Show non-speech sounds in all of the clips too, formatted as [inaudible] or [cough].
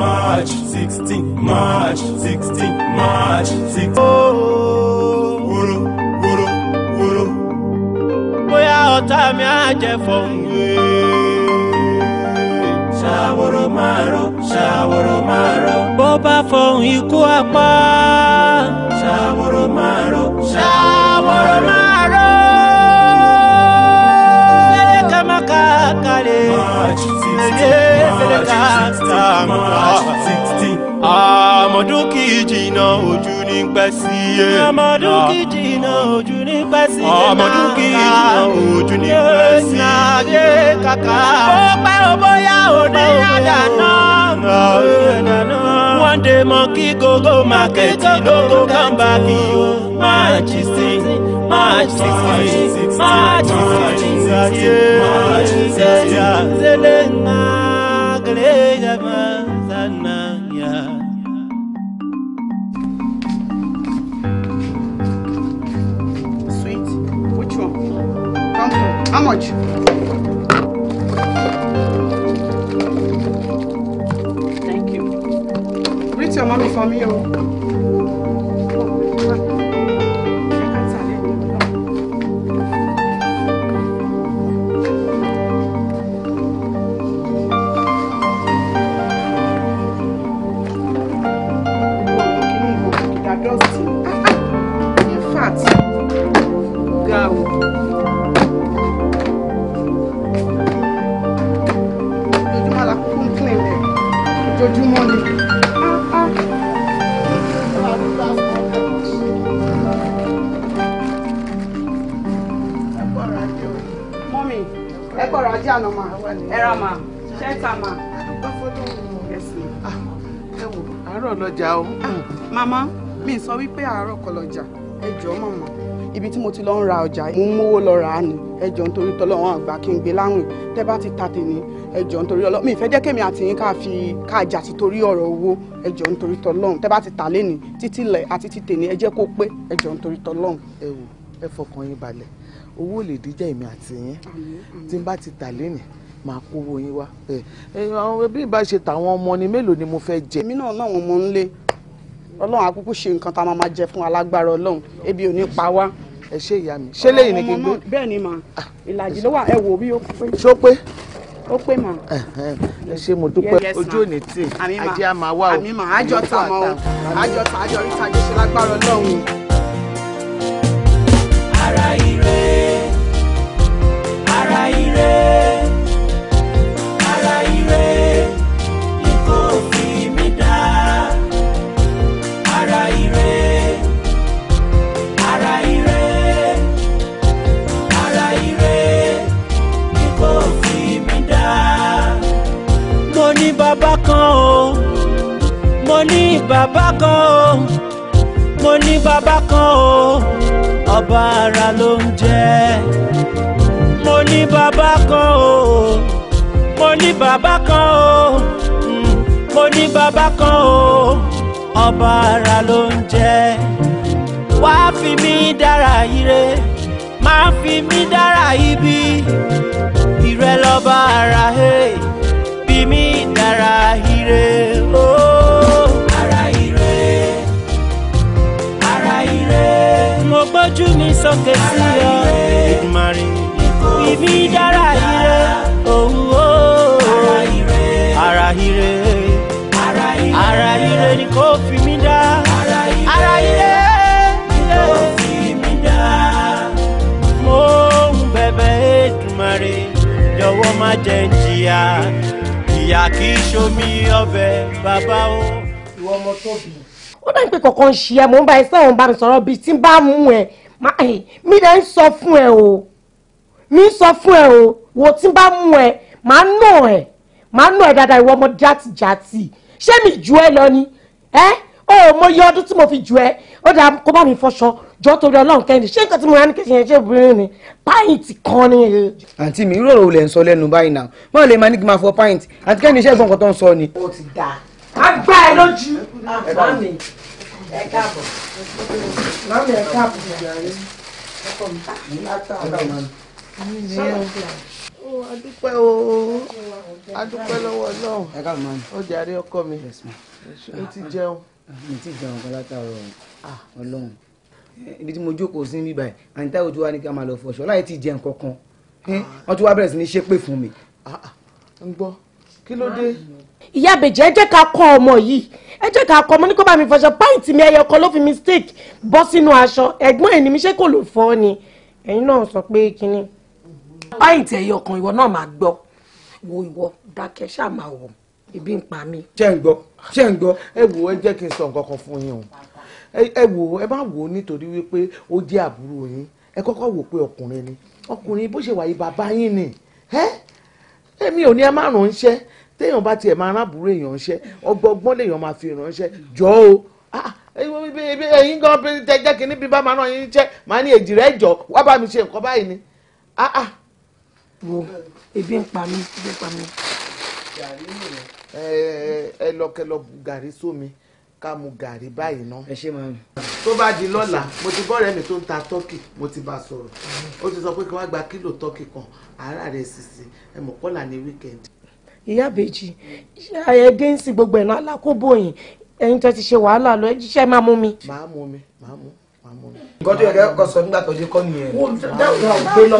March, 16, March, 16, March, 16. Wúrú, wuru wúrú. Bóyá ọ̀tá mi á jẹ fọ̀nwé. Ṣàwòrò márò, ṣàwòrò márò. Bó bá fọ̀hún ikú apá. Ṣàwòrò márò, ṣàwòrò márò. kalẹ̀ sílẹ̀ fẹ́lẹ́ká sàmùtọ́. àmọ́dú kì í jìnnà ojú ní pẹ́ sí i. àmọ́dú kì í ah. jìnnà ojú ní pẹ́ sí i. àmọ́dú kì í jìnnà ojú ní pẹ́ sí i. nàgé kàkà. ó pẹ́ ó bóyá ó ní àdánù. One day monkey go go market, no go come back, you magic. March 16, March 16, March 16, Zelenga, Gleja, Mazana, How much? Thank you. Greet your mommy for me. Oh. ojoojúmọ́ ni. mọ́mì ẹ kọ̀rọ̀ ajé àná mà ma. ra mà ṣẹ́ta mà. Ah, àárọ̀ lọ́jà o. màmá mi sọ wípé àárọ̀ kọ́ lọ́jà ẹ jọ̀ọ́ màmá ibi tí mo ti lọ ń ra ọjà mo ń mówó lọ rà á ni ẹ jọ̀ọ́ nítorí tọ́lọ́wọ́n àgbà kí n gbé láwìn tẹ́ bá ti ta tèmi ẹ jọ̀ọ́ nítorí Ọlọ́run mi ìfẹ́ jẹ́ kémi àti yín ká fi ká jà sí torí ọ̀rọ̀ owó ẹ jọ̀ọ́ nítorí tọlọ́run tẹ́ bá ti tà lẹ́ni títí lẹ̀ àti títè ní ẹ jẹ́ kó pé ẹ jọ̀ọ́ nítorí tọlọ́run. ẹ wò ẹ fọkàn yín balẹ̀ owó lè díjà èmi àti yín tí n bá ti tà lẹ́ni máa kówó yín wá bí ìbá ṣe tàwọn ọmọ ni mélòó ni mo fẹ́ jẹ. èmi náà láwọn ọmọ ń lé ọlọ́run àkókò ṣe nǹkan tá a máa jẹ fún alágbára ọlọ́run ebi ò ní pa wá. ẹ ṣe ìyá mi ṣé lẹ́yìn ni kí n gbé. bẹ́ẹ̀ ni mà ah. ìlàjì ló wà ẹ wò bí ó pé. ṣó pé ó pè mọ. ẹ ṣe mo dúpẹ́ ojú òní tì ajé a máa wá o. àmì mà àjọ tà mọ́ o àjọ tà àjọ oríta àjọ ṣe lágbára ọlọ́run. ara ire ara ire. bàbá kan o mo ní bàbá kan o mo ní bàbá kan o ọba ara ló ń jẹ́ mo ní bàbá kan o mo ní bàbá kan o hmm, mo ní bàbá kan o ọba ara ló ń jẹ́ wàá fi mí dára ire máa fi mí dára ibi ìrẹ́lọ́ba ara hey orí mi dára ire. ara ire ara ire. mo gbójú mi sókè sí ọ ìdùmarè ìbí dára ire. ara ire ara ire ni kò fi mí dá. ara ire ni kò fi mí dá. mo ìyá kì í ṣomi ọbẹ̀ bàbá o. ìwọ ọmọ tóbi. ó dá ìpè kọ̀ọ̀kan ń ṣe ẹ mò ń bá ẹ sẹ́wọ̀n bá mi sọ̀rọ̀ bíi tí ń bá mú ẹ eh, mi dẹ̀ ń sọ fún ẹ o mi ń sọ fún ẹ o wo tí ń bá mú ẹ màá nà ẹ màá nà ẹ dáadáa ìwọ ọmọ játìjátì ṣé mi jù ẹ lọ ni ẹ o mọ iye ọdún tí mo fi jù ẹ ó dà kó bá mi fọṣọ jọ́ torí ọlọ́run kẹ́hìndé ṣé nǹkan tí mo rà ní kẹ́sì yẹn ṣé obìnrin ni pint kan ni. àǹtí mi rọrọ olè ń sọ lẹ́nu báyìí náà máa lè máa ní kí n máa fọ pint àǹtí kẹ́hìndé ṣe é gbọ́n nǹkan tó ń sọ ni. o ti da agbá ẹ lójú àǹfààní ẹ káàbọ̀ mami ẹ káàbọ̀ ìyàrá ọkọ mi látàlá adúpẹ́ o adúpẹ́ lọ́wọ́ ọlọ́run ó jàre ọkọ mi ó ti jẹun. mi ti jẹun kan látàárọ̀ ah. ọlọ́run ibi tí mo jókòó sí níbí báyìí àyìntá òtú wa ní ká máa lọ fọṣọ láì tí ì jẹun kankan wọn tún wá bẹ̀rẹ̀ sí ní ṣépè fún mi. Ah, ah, ń gbọ́ kí ló dé. ìyá bèjì ẹ jẹ́ ká kọ́ ọmọ yìí ẹ jẹ́ ká kọ́ ọmọ ní kó bá mi fọṣọ pàǹtí mi ẹyọ kan ló fi mistake bọ́ sínú aṣọ ẹ̀gbọ́n ẹ̀ ní mi ṣé kò lò fọ́ ni ẹ̀yin náà sọ pé kínní. pàǹtí ẹyọ kan ìwọ náà máa gbọ́ wo ìwọ dákẹ́ ṣáà máa wọ̀ ebi ń pa mí. ṣé ń gbọ́ ṣé ń gbọ́ ẹ wò ó jẹ́ kí n sọ nǹkan kan fún yín o ẹ wò ẹ má wò ó nítorí wípé ó jẹ́ àbúrò yín ẹ kọ́kọ́ wò pé ọkùnrin ni ọkùnrin bó ṣe wà yìí bàbá yín ni ẹ èmi ò ní ẹ má ránṣẹ́ téèyàn bá tiẹ̀ máa rábùrú èèyàn ṣẹ́ ọgbọ́gbọ́n lèèyàn máa fi ránṣẹ́ jọ o ah, ah, ẹ̀yin gan tẹ jẹ́ kí níbi bá máa ràn yín ṣẹ́ máa ní èjì rẹ̀ jọ wá bá mi ṣe nǹkan báyìí ni. Ah, wo ebi ń pa mí ebi ń pa mí. ẹ ẹ lọ kẹ lọ gàrí sómi. So ká mu gàrí báyìí ná. ẹ ṣe máa ń. tó bá di lọ́la mo ti bọ́ọ̀rẹ́ mi tó ń ta tọ́kì mo ti bá a sọ̀rọ̀ ó ti sọ pé kí wọ́n gba kílò tọ́kì kan àárà rẹ̀ sisi ẹ mọ̀ kọ́là ní wíkẹ́ndì. ìyá bèjì ẹdẹ é sin gbogbo ẹ̀nà alákóbó yìí ẹ̀yin tó ti ṣe wàhálà lọ ẹ jíṣẹ́ máa mú mi. máa mú mi máa mú mi nǹkan tó yẹ kẹ́ kọ́ sọ nígbà tó dé kọ́ nìyẹn. gbé lọ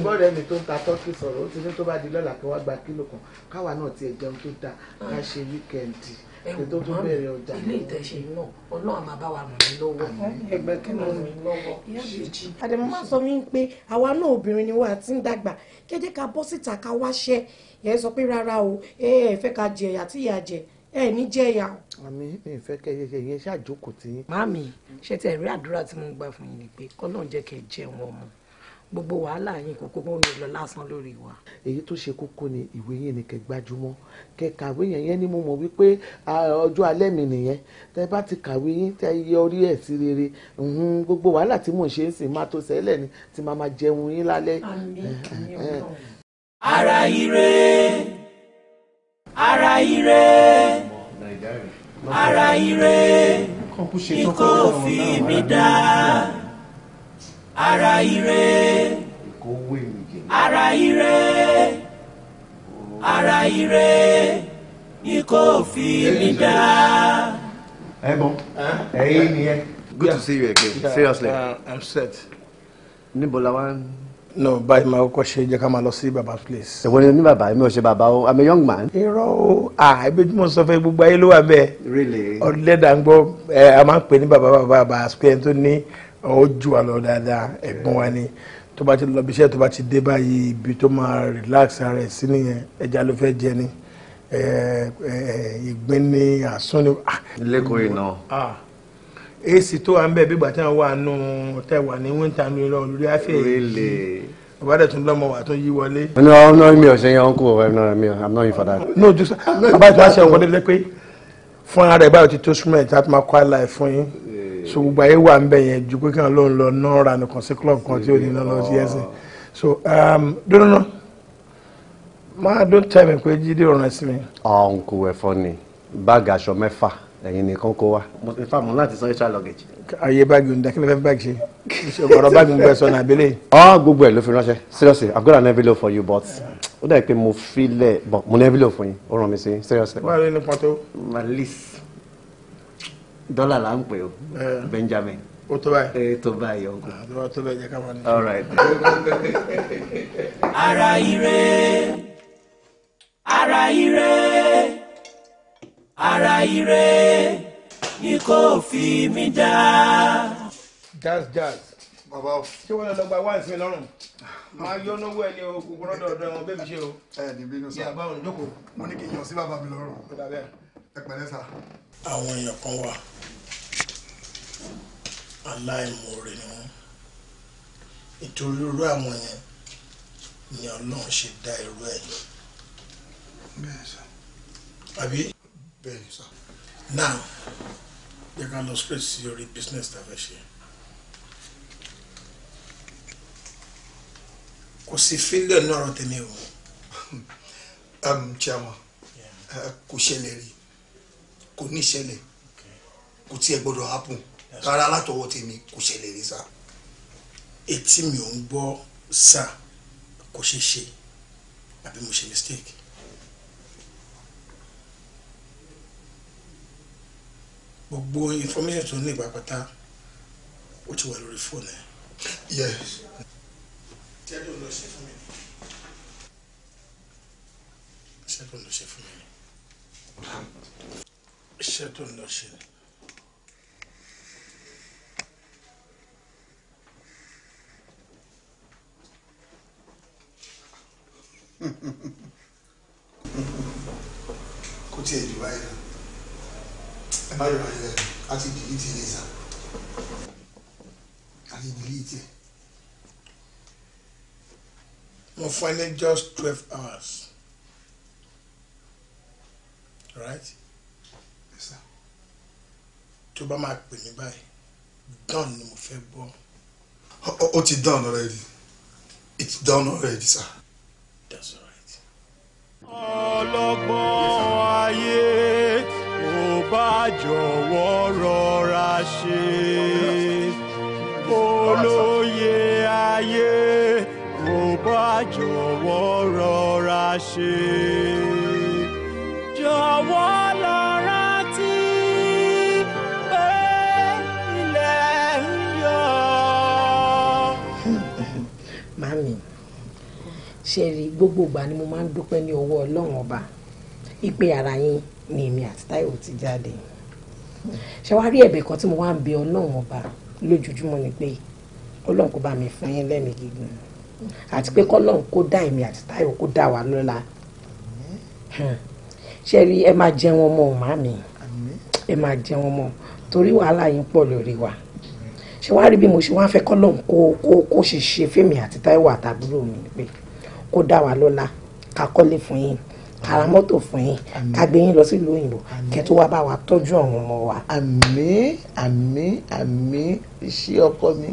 gbé tó ń ta tọ́kì sọ̀rọ̀ ó ti ní tó bá di lọ́la kí wọ́n gba kílò kan káwa náà ti ẹ̀jẹun tó dáa ká ah. ṣe wíkẹ́ǹdì kí tó tó bẹ̀rẹ̀ ọjà. ilé ìtẹ̀sẹ̀ náà ọlọ́run máa bá wa ràn mí lọ́wọ́. ẹgbẹ́ kí ló ràn mí lọ́wọ́. àdèmọ́ máa sọ mí pé àwa náà obìnrin ni wà á ń dàgbà kẹ́jẹ́ ká bọ́ síta ká wáṣẹ́ yẹn sọ pé rárá o ẹ fẹ́ ká jẹ àti ìyà jẹ ẹ ní jẹyà o. àmì mi fẹ́ kẹ́ yẹ yẹn ṣàjókòó tí. màámi ṣe tẹ rí àdúrà tí mo gbà fún yín ni pé kọ́lọ́n jẹ́ kẹ́ jẹun ọmọ gbogbo wàhálà yín kò kókó mi lọ lásán lórí wa. èyí tó ṣe kókó ni ìwé yẹn ni kẹ́ gbájúmọ́ kẹ́ kàwé yẹn yẹn ni mo mọ̀ wípé ọjọ́ alẹ́ mi nìyẹn tẹ́ bá ti kàwé yín tẹ́ yẹ orí ẹ̀ sí rere gbogbo wàhálà tí mò ń ṣe ń sìn máa tó ṣẹlẹ̀ ni tí màá máa jẹun yín lálẹ́. ara ire ara ire ara ire ikó fi mi dá ara ire ara ire ara ire ikó fi mi dá. ẹ bọ ẹyin ni ẹ. good to see you again seriously. Uh, I'm set. níbo la no báyìí my question ṣe jẹ́ ká máa lọ sí baba place. ẹ̀wọ̀n ni ní bàbá mi ò ṣe bàbá i'm a young man. irọ́ o ah I bet most of you gbogbo ayé ló wà really Or let gbọ́ go? I'm not paying pè ní bàbá bàbá bàbá square tó ní ojú wa lọ dáadáa ẹ̀gbọ́n wa ni tó bá ti lọ bí iṣẹ́ tó bá ti dé báyìí ibi tó máa relax ara ẹ̀ sí nìyẹn ẹja ló fẹ́ jẹ ni ìgbín ni àsún ni. Ah èsì tó wà ń bẹ̀ bí ìgbà tí wọ́n wà nù tẹ̀ wà ní wíńtà ní ìlọ olórí afẹ́ yìí bàbá tún lọ́mọ wà tó yí wọlé. no i'm not mi ò ṣe yan uncle ọ̀rẹ́ náà mi i'm not in for that. no just bàbá ìtura ṣe nǹkan délé pé fún ara ẹ̀ báyọ̀ ti tó súnmọ́ ẹ̀ tí a ti máa kọ́ àlàyé fún yín so gbogbo ayé wà ń bẹ̀ yẹn ju pé kí wọ́n lọ ń lọ náà ra nìkan sí club kan tí ò ní náà lọ sí ẹ̀sìn so dúró náà máa dún tẹ̀mí pé jíde ọ̀ràn sí mi. Ah, uncle ẹ̀yin nìkan kó wa. mo ti fàmù láti san extra luggage. ayé báàgì òǹda kí ló báàgì ṣe ọ̀rọ̀ báàgì ń bẹ sọ náà abẹ́lẹ̀. ọ gbogbo ẹ ló fi ránṣẹ́ seriously i've got an envelope for you but ó dà pé mo fi lẹ̀ bọ̀ mo ní envelope fún yín ó ràn mí sí seriously. wọ́n rí ní pọ́ńtò. malice dọ́là là ń pè o benjamin. o tó báyìí. e tó báyìí o. àdúrà ah, tó bẹ̀ jẹ́ ká wà ní. all right. ara ire ara ire ara ire ni kò fi mí dá. jazz jazz bàbá o. ṣé wọn lọ lọ gba wá ìsinmi lọ́rùn. Hmm. máa yọ lọ́wọ́ ẹ ní o kò gbọ́dọ̀ ọ̀dọ̀ ẹ̀wọ̀n bẹ́ẹ̀ mi ṣe o. ẹ ẹ níbi inú sá yàgbá òun jókòó. mo ní kí n yàn sí bàbá mi lọ́rùn. ẹ pẹ̀lẹ́ sá. àwọn èèyàn kan wà aláìmoore ni wọn nítorí irú àwọn yẹn ni Ọlọ́run ṣe dá irú ẹ̀ lọ. àbí bẹ́ẹ̀ ni now the kind of straight sí orí business tá a fẹ́ ṣe. kò sí fílẹ̀ chama. ọ̀rọ̀ tẹ̀mí o. [laughs] Um, chairman uh, kò ṣẹlẹ̀ rí kò ní ṣẹlẹ̀ kò tiẹ̀ gbọ́dọ̀ happen rárá látọwọ́ tèmi kò ṣẹlẹ̀ rí sá. etí mi ò ń gbọ́ sá kò ṣeé ṣe mistake. gbogbo information tó ní ìpapàtà ó ti wà lórí fóònù ẹ. yes. ṣẹ́gun ló ṣe fún mi ni. ṣẹ́gun ló ṣe ṣe ni. [laughs] kò tiẹ̀ jù báyìí lọ ẹ má yọra yẹn a ti delete ilé ìsà a ti delete ẹ mo fún ẹ just twelve hours right Yes, tó bá máa pè mí báyìí done ni mo fẹ́ gbọ́. ó ti done already it's done already sir. that's all right bá jọ̀wọ́ rọra ṣe. Olóyè ayé kò bá jọ̀wọ́ rọra ṣe. Jọ̀wọ́ lọ rántí pé ilẹ̀ ń yọ. [laughs] Màmí, ṣe rí gbogbo ìgbà ni mo máa ń dúpẹ́ ní ọwọ́ Ọlọ́run ọba ìpè ara yín ni èmi àti Táíwò ti jáde ṣe wá rí ẹ̀bẹ̀ kan tí mo wá ń bẹ Ọlọ́run ọba lójoojúmọ́ ni pé Ọlọ́run kó bá mi fún yín lẹ́mìí gígùn àti pé kọ́lọ́run kó dá èmi àti Táíwò kó dá wa lọ́lá hmm. ṣe rí ẹ máa jẹun ọmọ màá mi ẹ máa jẹun ọmọ torí wàhálà yín pọ̀ lórí wa ṣe wá rí bí mo ṣe wá fẹ́ kọ́lọ́run kó kó kó ṣe ṣe fèmí àti Táíwò àtàbúrò mi pé kó dá wa lọ́lá kakọ́lé fún yín ara mọ́tò fún yín ká gbé yín lọ sílùú òyìnbó kẹ́ tó wá bá wa tọ́jú àwọn ọmọ wa. àmín àmín àmín ṣé ọkọ mi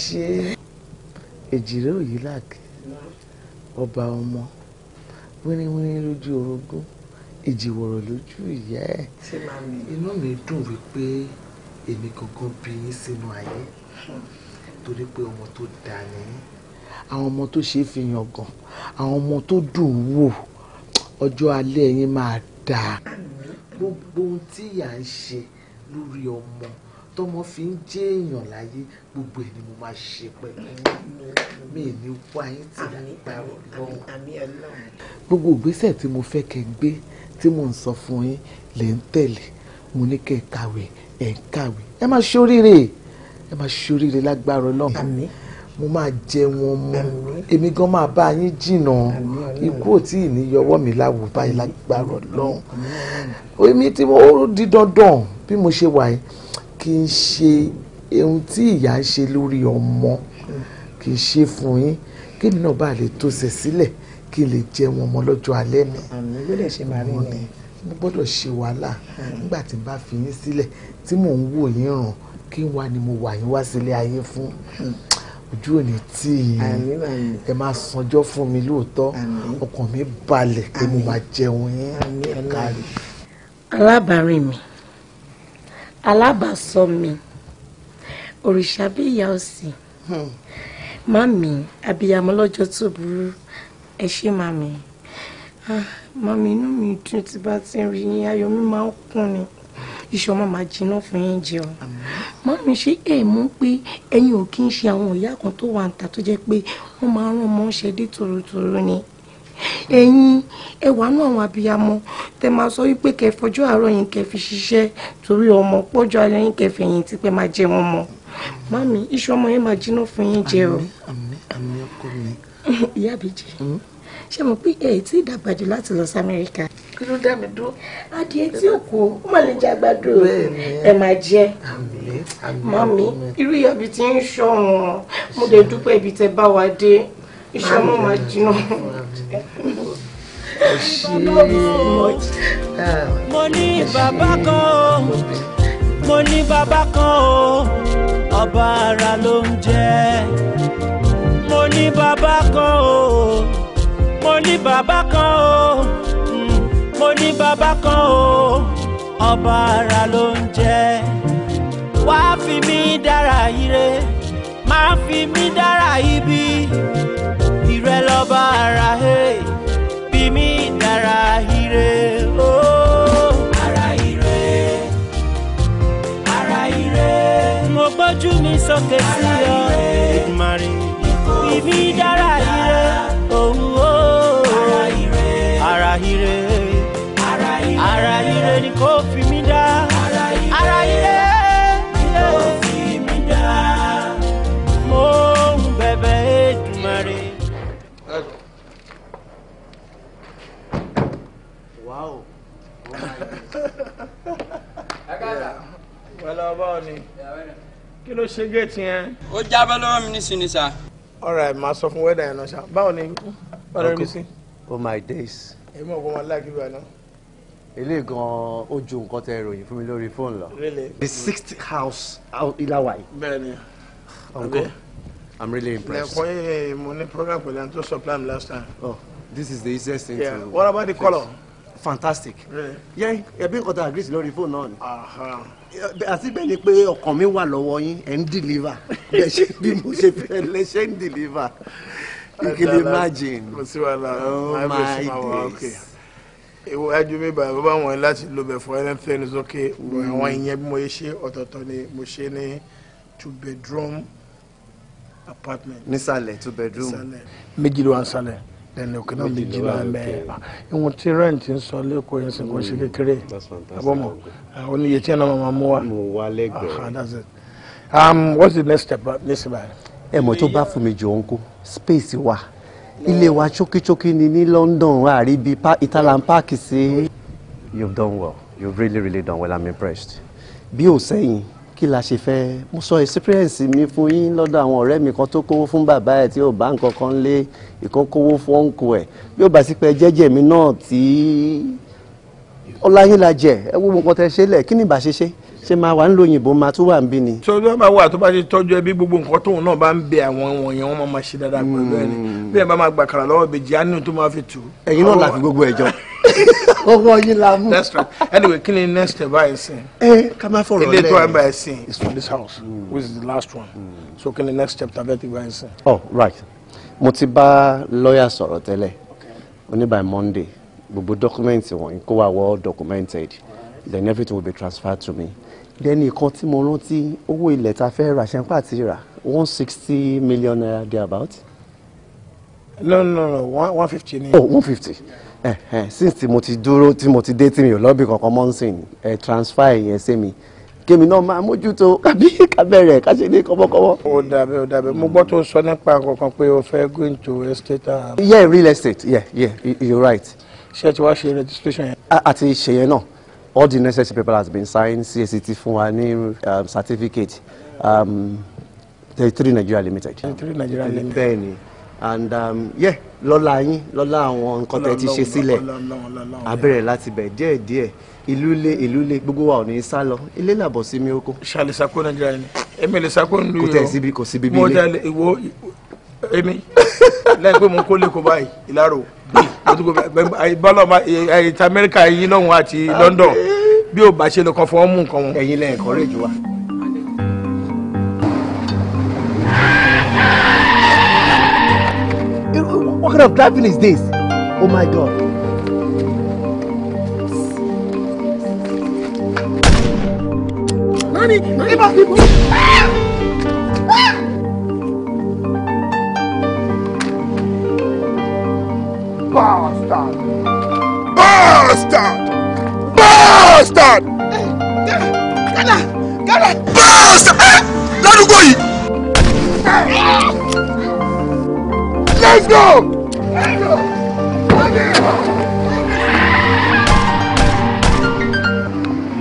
ṣé èjìrè òyì làkè ọba ọmọ wíníwíní lójú orogún ìjìwọ̀rọ̀ lójú ìyá ẹ̀ inú mi dùn wípé èmi gangan bí yín sínú ayé torí pé ọmọ tó dáa nìyí àwọn ọmọ tó ṣe é fi yàn gan àwọn ọmọ tó dùn wò ọjọ́ alẹ́ yín máa dáa gbogbo ohun tí ìyá ń ṣe lórí ọmọ tọmọ fi ń jẹ èèyàn láyé gbogbo ẹ ni mo máa ṣe pẹ̀lú mi ní wá yín tì lágbára Ọlọ́run gbogbo ìgbésẹ̀ tí mo fẹ́ kẹ́ gbé tí mo ń sọ fún yín lè ń tẹ̀lé mo ní kẹ́ kàwé ẹ ń kàwé ẹ máa ṣoríire ẹ máa ṣoríire lágbára Ọlọ́run mo máa jẹ wọn mọ èmi gan máa bá yín jìnnà ikú ò tí ì ní yọwọ́ mi láwù báyìí lágbára lọ́hùn èmi tí mo di dandan bí mo ṣe wà yìí kì í ṣe ohun tí ìyá ń ṣe lórí ọmọ kì í ṣe fún yín kí ni náà bá lè tó ṣe sílẹ̀ kí n lè jẹ wọn mọ lọ́jọ́ alẹ́ mi. àmì gbọ́dọ̀ ṣe máa rí ni. mo gbọ́dọ̀ ṣe wàhálà nígbà tí n bá fi yín sílẹ̀ tí mò ń wò yín ràn kí n ni mo wà yín wá sílé ayé fún. Hmm ojú òní tí ẹ máa sanjọ́ fún mi lóòótọ́ ọkàn mi balẹ̀ pé mo máa jẹun yín kárí. alábàárìn mi alábàásọ mi òrìṣà bí ìyá òsì mami abiyamọ lọ́jọ́ tó burú ẹ ṣé mami ah, mami inú mi dùn tí bá ti rí yín ayọ̀ mi máa ń kún ni iṣan máa máa jiná fún yín jẹ ọ mọ́mí ṣé ẹ mọ̀ pé ẹ̀yin ò kí ń ṣe àwọn ìyá kan tó wà ń ta tó jẹ́ pé wọ́n máa ń rán ọmọ ṣe dé tòrótòró ni ẹ̀yin ẹ wà nú àwọn abiyamọ tẹ máa sọ wípé kẹ fọjú àárọ̀ yín kẹ fi ṣiṣẹ́ torí ọmọ pọ́jọ́ alẹ́ yín kẹ fẹ̀yìn tí pẹ́ máa jẹ wọn mọ́ mọ́mí iṣan ọmọ yẹn máa jiná fún yín jẹ ọ. [laughs] ìyá àbíjì hmm? ṣé mo pé ẹ ti dàgbà jù láti lọ sí Amẹ́ríkà kí ló dá mi dúró. adìẹ tí ò kú ó mà lè jẹ àgbàdo ẹ máa jẹ mami irú ìyá mi ti ń ṣọ wọn mo lè dúpẹ́ ibi tẹ bá wa dé iṣẹ́ ọmọ máa jiná. mo ní bàbá kan o mo ní bàbá kan o ọba ara ló ń jẹ mo ní bàbá kan o mo ní bàbá kan o mo ní bàbá kan o ọba ara ló ń jẹ́ wá fi mí dára ire má fi mí dára ibi ire lọ́ba ara he fi mí dára ire o. Oh. ara ire ara ire mo gbójú mi sókè sí ọ ìmọ̀rin fi mí dára ire òun oh, o. Oh. ni kò fi mí dá. ara ilé ilé ò fi mí dá. mo ń bẹ̀bẹ̀ Èdùmàrè. wàá ọba òní kí ló ṣe géètì yẹn. ó jábọ́ lọ́wọ́ mi nísìnyí ni sá. all right màá sọ fún wẹ́dà yẹn náà ṣá báwo ni báwo ni mi sí. oh my days. èmi ò kọ́ máa láàkì báyìí ilé gan ó nǹkan tẹ ìròyìn fún mi lórí fóònù lọ. the sixth house ilawa yìí. bẹ́ẹ̀ni uncle i'm really impressed. lẹkọ ye eh, mo program pẹ̀lú ẹni tó sọ plan last time. oh this is the easiest thing yeah. to. what about the colour. fantastic. really yeah ẹbí nǹkan tá a agree lórí fóònù náà ni. àti bẹ́ẹ̀ ni pé ọkàn mi wà lọ́wọ́ yín ẹ̀ ń deliver bẹ́ẹ̀ ṣe bí mo ṣe fẹ́ lẹ́ṣẹ̀ ń deliver you can imagine. oh my days iwájú mi bàbá bá wọn láti lo bẹ̀ fún anything is okay wọ àwọn ìyẹn bí mo yẹ ṣe ọ̀tọ̀ọ̀tọ̀ ni mo ṣe ní two bedroom apartment. nísàlẹ̀ two bedroom. méjì ló wà nísàlẹ̀ lẹ́nu òkè náà méjì ló wà mẹ́ ah, ìwọ̀n tí rent ń sọ lẹ́kọ̀ọ́ yẹn sì kò ṣe mm, kékeré àbọ̀mọ̀ àwọn oníyè tí ẹ̀nà máa mú wa. mo wá lẹ́gbẹ̀ẹ́. Ah, um what's the next step uh, nísìnyí. ẹ mọ̀ tó bá fún mi jù ọ́nkú space wà ilé wa ṣókíṣókí ni ní London àrí bíi Italan Park sí. you've done well you've really really done well i'm impressed. bí ò sẹ́yìn kí la ṣe fẹ́ mo sọ experience mi fún yín lọ́dọ̀ àwọn ọ̀rẹ́ mi kan tó kówó fún bàbá ẹ̀ tí ò bá nǹkan kan lé ìkan kówó fún ọ̀nkù ẹ̀ bí ó bá sí pé jẹ́jẹ́ mi náà tí ọláyínlá jẹ ẹ wo nǹkan tẹ ṣe lẹ̀ kí ni ìbá ṣe ṣe ṣé máa wà nílò òyìnbó máa tún wà ń bí ni. tọ́jú ẹ máa wà tó bá ṣe tọ́jú ẹbí gbogbo nǹkan tóun náà bá ń bẹ àwọn wọ̀nyẹn wọn máa ṣe dáadáa pẹ̀lú ẹni hmm. bí ẹ bá máa gbà kàrà lọ́wọ́ ìbejì á tó máa fi tù. ẹ̀yin náà làfi gbogbo ẹjọ́ ọwọ́ [laughs] yín la mú. that's right anyway kí ni next step báyìí sìn. ẹ ká má fọ̀rọ̀ lẹ́yìn ilé tó ẹ sìn is for this house mm. which is the last one mm. so kí ni next chapter tàbí ẹ ti báyìí sìn. oh right mo ti bá lọ́ọ̀yà sọ̀rọ̀ tẹ́lẹ̀ oní by Monday gbogbo dọ́kúmẹ́ǹtì wọ̀nyí kó wà well documented then everything will be transferred to me dẹ́ni kan tí mo rántí owó ilẹ̀ tá a fẹ́ rà ṣẹ́ńpà ti rà one sixty million naira there about. no no no one fifty ni. oh one fifty ẹ eh, ẹ eh, since tí mo ti dúró tí mo ti dé tí mi ò lọ́bì kankan mọ́ nsìn ẹ transfer yẹn sí mi kémi náà máa mójútó kàbí kábẹ̀rẹ̀ káṣe ní kọ́bọ́kọ́bọ́. ó dàbẹ̀ ó dàbẹ̀ mo gbọ́ tó sọ nípa kankan pé o fẹ́ go into estate. yeah real estate yeah yeah you're right. ṣé ẹ ti wá ṣe registration yẹn. àti ṣèyẹn náà all the necessary paper has been signed CACT fún wa ní um, certificate um, thirty three Nigeria limited. thirty three Nigeria limited bẹ́ẹ̀ni and um, yeah lọ́la yín lọ́la àwọn nǹkan tẹ́ ti ṣe sílẹ̀ abẹ́rẹ́ láti bẹ̀ díẹ̀ díẹ̀ ìlú ilé ìlú ilé gbogbo wa ò ní sá lọ ilé làbọ̀ sí mi oko. ṣàlẹ̀ Nàìjíríà ni èmi lè sako nílùú yìí o kò tẹ̀ síbi kò síbi bí ilé. mo èmi lẹ́yìn pé mo kó lẹ́kọ̀ọ́ báyìí ìlàrò bọ́lá ìta amẹ́ríkà yìí lọ́hùn àti London bí ò bá ṣe lè kàn fọwọ́ mú nǹkan wọn. ẹ̀yin lẹ́yìn kọ́ jù wá. What kind of driving is this? Oh my God. Money. give us Bastard! Bastard! Bastard! Gana! Gana! Bastard! Ládùúgbò yìí! Let's go! Let's go! Let's go!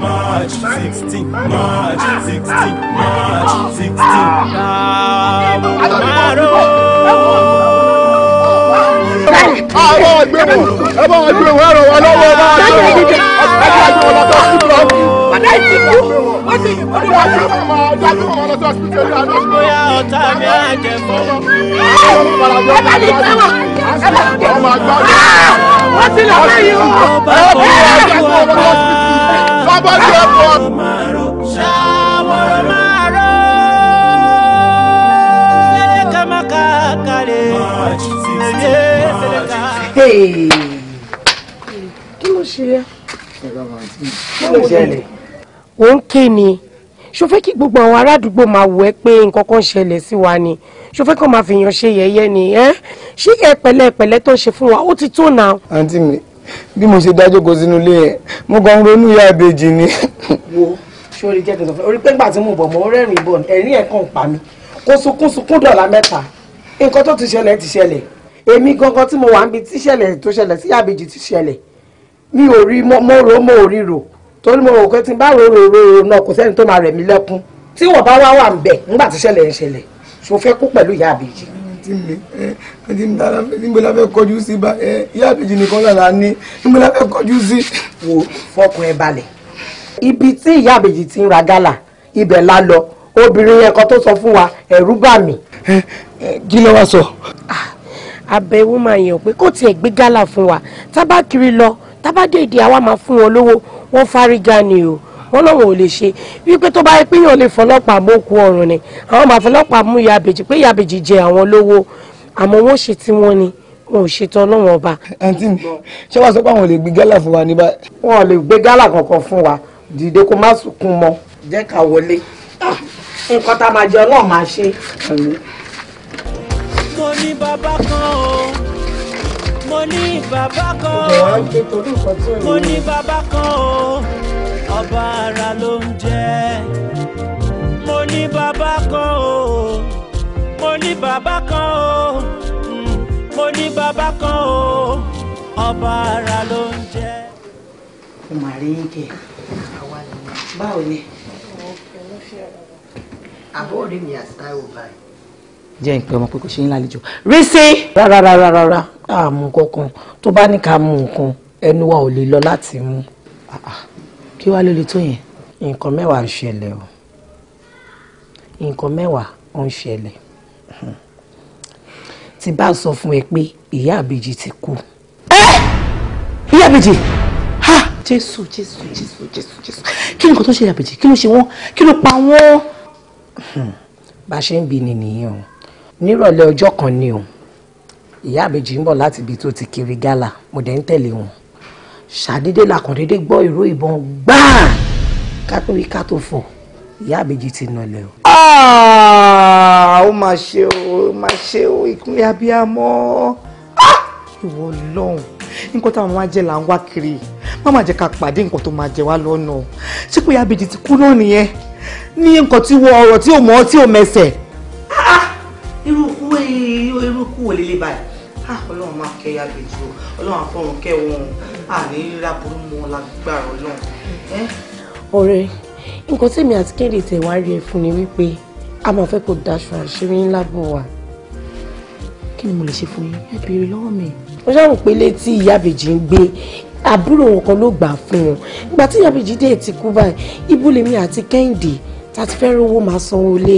March 16, March 16, March 16. March 16 ẹ bá wọn gbé wọn ẹ bá wọn gbé wọn ẹ̀rọ wọn lọ́wọ́ ẹ bá wọn gbé wọn ẹ bá wọn gbé wọn lọ́tọ̀ sí lọ. bàtà ìdìbò wọ́n ti yìnbọn ní wọn. ọjà tó wọn ọjà tó wọn lọ́tọ̀ sí lọ. bóyá ọ̀tá mi á jẹ mọ́. ẹ bá mi gbé wọn ẹ bá mi gbé wọn. wọ́n ti lọ báyìí o. ọba kò wá wá. sábà ní ọkọ̀. kí ló ṣe yẹ. kí ló ṣẹlẹ̀. ò ń ké ni ṣó fẹ́ kí gbogbo àwọn arádùúgbò máa wò ẹ́ pé nǹkan kan ṣẹlẹ̀ sí wa ni ṣó fẹ́ kàn máa fi yàn ṣe yẹ̀yẹ́ ni ẹ́ ṣé ẹ̀pẹ̀lẹ̀ ẹ̀pẹ̀lẹ̀ tó ń ṣe fún wa ó ti tó náà. àǹtí mi bí mo ṣe dájókòó sínú ilé yẹn mo kàn ń ronú ìyá àbèjì ni. wo sórí jẹ́ kẹsàn-án orí pé ńgbà tí mo bọ̀ mọ́ rẹ́rìn-ín bọ̀ ẹ̀rín ẹ̀ kàn pa mi kó sunkún sunkún dọ̀là mẹ́ta nǹkan tó ti ṣẹlẹ̀ ti ṣẹlẹ̀ èmi gangan tí mo wà níbi tíṣẹ̀lẹ̀ tó ṣẹlẹ̀ sí àbèjì ti ṣẹlẹ̀ mi ò rí mo rò mo ò rí rò torí mo rò pé tí n bá rò rò rò náà kò sẹ́ni tó máa rẹ̀ mí lẹ́kún tí wọ́n bá wá wà ń bẹ̀ nígbà tí ṣẹlẹ̀ ń ṣẹlẹ̀ ṣo fẹ́ kú pẹ̀lú ìyá àbèjì. àti níbo la fẹ́ kọjú sí bá ìyá àbèjì nìkan là la ní níbo la fẹ́ kọjú sí. wo fọkàn ẹ balẹ̀ ibi tí ìyá àbèjì ti ń ra gálà ibẹ̀ la lọ obìnrin yẹn kan tó sọ fún wa ẹ̀rú bà mí. kí ló wá sọ. Ah, abẹ woman yẹn pé kó tiẹ̀ gbé gálà fún wa tábà kiri lọ tábà dèdè àwa máa fún wọn lówó wọn fárígá ni o wọn lọ́wọ́ ò lè ṣe wípé tó bá yẹ pé yàn lè fọlọ́pàá mú òkú ọ̀run ni àwọn máa fọlọ́pàá mú ìyá àbèjì pé ìyá àbèjì jẹ àwọn lówó àmọ́ wọ́n ṣe tí wọ́n ni wọn ò ṣètò ọlọ́wọ́n ọba. àǹtí mi ṣé wàá sọ pé àwọn ò lè gbé gálà fún wa ní báyìí. wọn ò lè gbé gálà kankan fún wa dìde kó má sunkún mọ́ jẹ́ ká wọlé ah, nǹkan tá a máa jẹ ọlọ́run máa ṣe mo ní bàbá kan o mo ní bàbá kan o mo ní bàbá kan o ọba ara ló ń jẹ́ mo ní bàbá kan o mo ní bàbá kan o hmm, mo ní bàbá kan o ọba ara ló ń jẹ́. mo máa rí yínkẹ báwo ni àbọ̀ ọ̀rẹ́ mi àti táwọn báyìí jẹ́ ìpè ọmọ pé kò ṣe ń lálejò rísí. rárá rárá rárá a mú kankan tó bá ní ká mú nǹkan ẹnu wa ò lè lọ láti mú. kí wàá ló lè tó yẹn. nǹkan mẹ́wàá ń ṣẹlẹ̀ o nǹkan mẹ́wàá ń ṣẹlẹ̀ hmm. tí bá sọ fún ẹ pé ìyá àbèjì ti kú. ẹ ìyá àbèjì ha jésù jésù jésù jésù jésù kí ni nǹkan tó ṣe ìyá àbèjì kí ló ṣe wọ́n kí ló pa wọ́n. Hmm. bá a ṣe ń bi ni o nírọ̀lẹ́ ọjọ́ kan ni o ìyá àbèjì ń bọ̀ láti ibi tó ti kiri gálà mo dẹ̀ ń tẹ̀lé wọn ṣàdédé làkàndédé gbọ́ ìró ìbọn gbáà kátó rí kátó fọ̀ ìyá àbèjì ti nọlẹ̀ o. Ah, ó máa ṣe o ó máa ṣe o ìkúnlẹ̀ abiyamọ ah, ìwọ lọ́hùn nǹkan táwọn máa jẹ là ń wá kiri má máa jẹ ká pàdé nǹkan tó máa jẹ wá lọ́nà ṣé pé ìyá àbèjì ti kú náà nìyẹn ní nǹkan tí wọ ọ̀rọ̀ tí ò mọ̀ tí ò mẹsẹ̀ báyìí ah, ọlọ́run máa kẹ́ ya bèjì o ọlọ́run àfọ̀run kẹ́ wọn à ní rírà burú mọ́ lágbára ọlọ́run. ọ̀rẹ́ nǹkan tèmi àti kéde tẹ̀wá rí ẹ fún ni wípé a máa fẹ́ kó daṣọ àṣírí ńlá bọ̀ wá kí ni mo lè ṣe fún yín ẹ béèrè lọ́wọ́ mi. ó ṣàrò pé létí ìyábèjì ń gbé àbúrò wọn kan ló gbà fún wọn ìgbà tí ìyábèjì dé ti kú báyìí ibú lèmi àti kẹ́hìndé tá fẹ́ rówó máa sanwó lé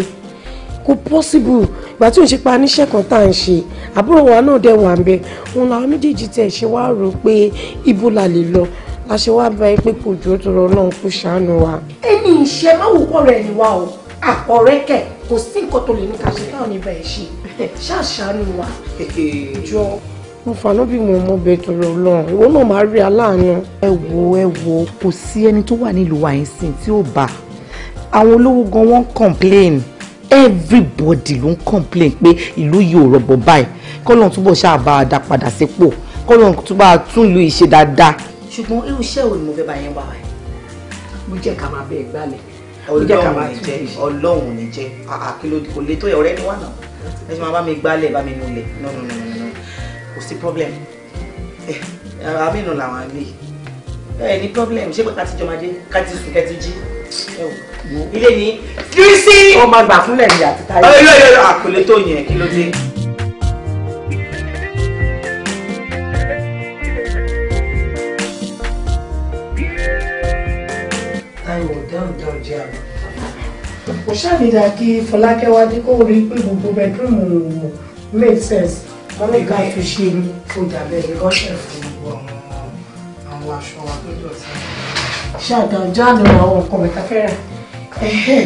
kò possible ìgbà tí òun ṣe pa níṣẹ́ kan tá à ń ṣe àbúrò wa náà dẹ̀ wà ń bẹ òun làwọn méjèèjì tẹ̀ ṣe wá rò pé ibo la lè lọ la ṣe wá bá ẹ pé kò jọ tó rọ náà kó ṣàánú wa. ẹni ìṣe má wò kọ́ rẹ̀ ni wa o àkọ́rẹ́ kẹ̀ kò sí nǹkan tó lè ní ká ṣe táwọn ibà ẹ̀ ṣe ṣàṣàánú wa jọ. mo fàánú bí mo mọ bẹ tọrọ Ọlọ́run ìwọ náà máa rí aláàánú. ẹ wo ẹ wo kò sí ẹni tó wà nílùú àyínsìn tí ò bá àwọn olówó gan wọn complain everybody ló ń complain pé ìlú yìí ò rọgbọ báyìí kọ́lọ́n túbọ̀ ṣáà bá a dá padà sípò kọ́lọ́n túbọ̀ tún ìlú yìí ṣe dáadáa. ṣùgbọ́n irú iṣẹ́ wo ni mo fẹ́ bá yẹn wá wa mo jẹ́ ká máa bẹ ẹ̀ gbálẹ̀ mo jẹ́ ká máa jẹ́ ọlọ́run ní jẹ́ àkìlódì kò lè tó yẹ ọ̀rẹ́ ni wà náà ẹ ṣe máa bá mi gbálẹ̀ bá mi nulẹ̀ no no no no kò sí problem ẹ eh, àmínú làwọn àlè ẹ eh, ní problem ṣé pé ká ti jọ máa jẹ ká ti sùn kẹ́ ti jí ẹ wò ilé ní kírísì. ó máa gbà fúnlẹ̀ ní àti táyé. ọ̀rẹ́ yóò yọ àkọlé tó yẹn kí ló dé. táwọn dáhùn dáhùn jẹ́ àná. mo ṣàbídà kí fọlákẹ́ wá dé kó rí pé gbogbo bedroom make sense wọ́n lè ká fi ṣe ni kó dàbẹ̀ ìrọ́ṣẹ̀ fún gbogbo àwọn aṣọ wa tó dọ̀tí. ṣáà dáhùn jáàánú àwọn nǹkan mẹ́ta fẹ́ràn ẹ̀hẹ́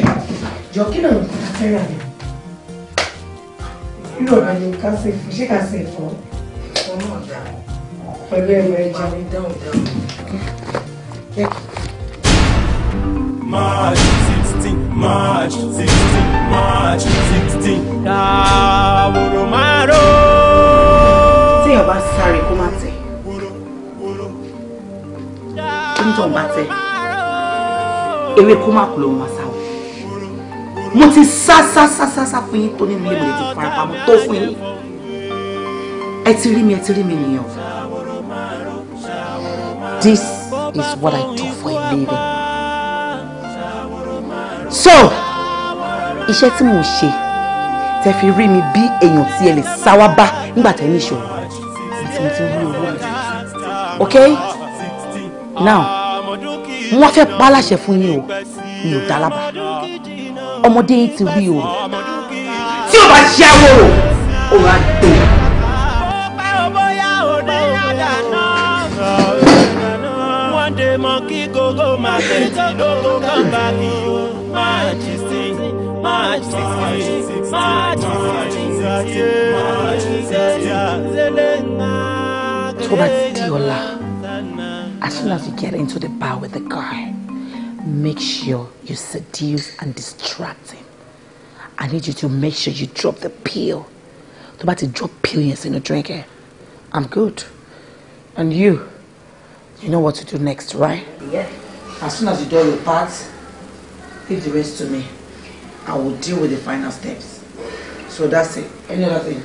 jọ kí náà lọ́ọ́ ta fẹ́ràn mi nínú ọ̀nà ni ká ṣe fún ṣé ká ṣe fún ọ̀nà ọ̀dà pẹ̀lú ẹ̀rọ ẹja mi dáhùn dáhùn. March sixteen, March sixteen, March sixteen. Dàwòrò máa ró. Tí ẹ̀ bá sáré kó má tẹ̀. Tó ń tọ̀ bá ewé kó má kú lòun sá o mo ti sá sá sá sá sá fún yín tó nínú ilé ìbòlè ti farapamọ́ tó fún yín ẹ ti rí mi ẹ ti rí mi nìyẹn o this is what I do for a living so iṣẹ́ tí mo ṣe tẹ fi rí mi bí èèyàn tí ẹ lè sá wá bá nígbà tẹ ní ìṣòro àti mo ti rí owó mi ok now wọ́n fẹ́ pa láṣẹ fún yín o mi ò dálábà ọmọdé yín ti rí o tí o bá ṣe àwọ̀ o ò máa dé. mọ kí gogo máa tẹ̀sí lóko kan bá kí o máa jì sí máa jì sí máa jì sí máa jì sí ṣẹlẹ̀ ńlá. tó bá ti di ọ̀la. as soon as you get into the bar with the guy, make sure you seduce and distract him. I need you to make sure you drop the pill. Don't bá to drop pill in sínú drink i I'm good. And you, you know what to do next, right? Yeah. As soon as you do your part, leave the rest to me. I will deal with the final steps. So that's it. Any other thing?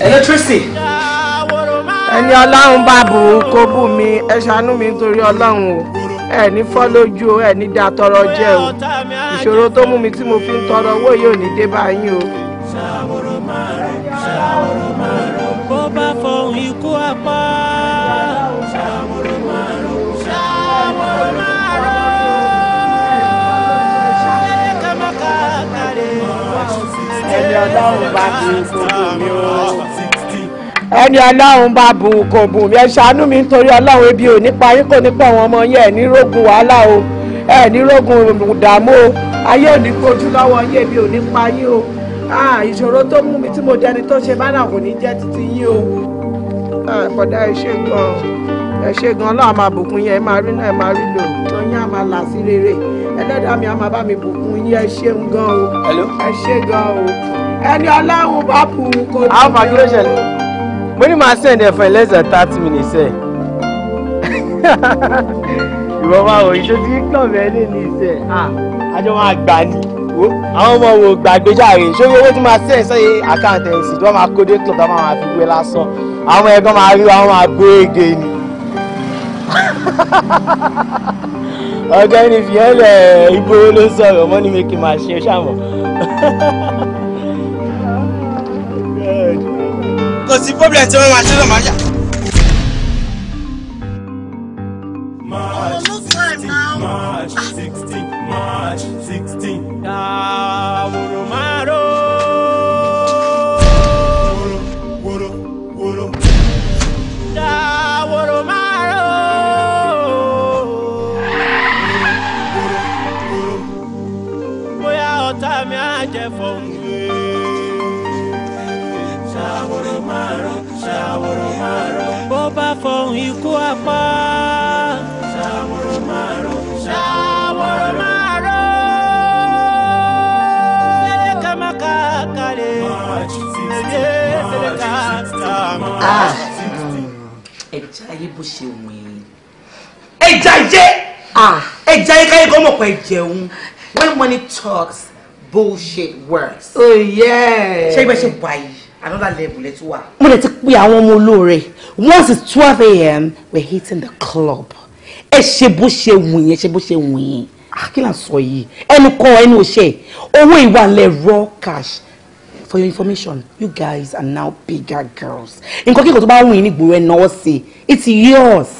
electricity ẹni ọlọ́run bá bù ú kó bù mí ẹ ṣàánú mi nítorí ọlọ́run o ẹ ní fọ́ lójú o ẹ ní da tọrọ jẹ o ìṣòro tó mú mi tí mo fi ń tọrọ owó yìí ò ní dé báyìí o. ẹni ọlọ́run bá bu kò bù mí o ẹni ọlọ́run bá bu kò bù ẹ ṣàánú mi nítorí ọlọ́run ebi ò nípa yín kò nípa àwọn ọmọ yín ẹ ní rógun wàhálà o ẹ ní rógun ìdààmú o ayé ò ní kojú lọ́wọ́ yín ebi ò nípa yín o ah, ìṣòro tó mú mi tí mo dẹni tó ṣe bá náà kò ní jẹ́ títí yín o bọ̀dá ẹ ṣé gan ẹ ṣé gan ọlọ́run máa bùkún yín ẹ máa rí náà ẹ máa rí lò tó yín á máa là sí rere ẹlẹ́dàá mi á máa bá mi bùkún yín ẹ ṣé gan o ẹ ṣé gan o ẹni ọlọ́run bá bù ú kò ní. àwọn calculation mo ní màá send ẹ fún ẹ less than thirty minutes ẹ eh? [laughs] ìwọ máa wò ìṣojú kàn mẹ́rin ní ìṣe àjọ máa gbà ní wo àwọn ọmọ wo gbàgbéjáre ṣé owó tí máa sẹ́yìn sẹ́yìn àkáǹtẹ̀ ìsìn tí wọ́n máa kó dé club tí wọ́n máa fi wé lásán àwọn ẹ̀gbọ́n máa rí wa wọ́n máa gbé ege ni ọ̀gbẹ́ni fìyẹ́lẹ̀ ìgboro ló sọ̀rọ̀ mọ́ni mi kì í máa ṣe ṣàmọ̀. kò sí problem tí wọ́n máa ṣe lọ́mọ yá. Ah. Ah. Ah. ẹja ayé bó ṣe wù yín. ẹja ayé ẹja ayé káyé gbọ́mọ̀ pé jẹun when money talks bullshit works. Oh, ṣé ibẹ̀ ṣe wáyé another level ẹ̀ tún wà. mo lè ti pe àwọn ọmọ olóore once it's twelve a.m. we're hitting the club ẹ ṣe bó ṣe wù yín ẹ ṣe bó ṣe wù yín kí là ń sọ yìí ẹnu kọ ẹnu ṣe owó ìwà lẹ raw cash for your information you guys are now bigger girls nǹkan kíkọ tó bá wù yín nígboro ẹ náwó sí it's yours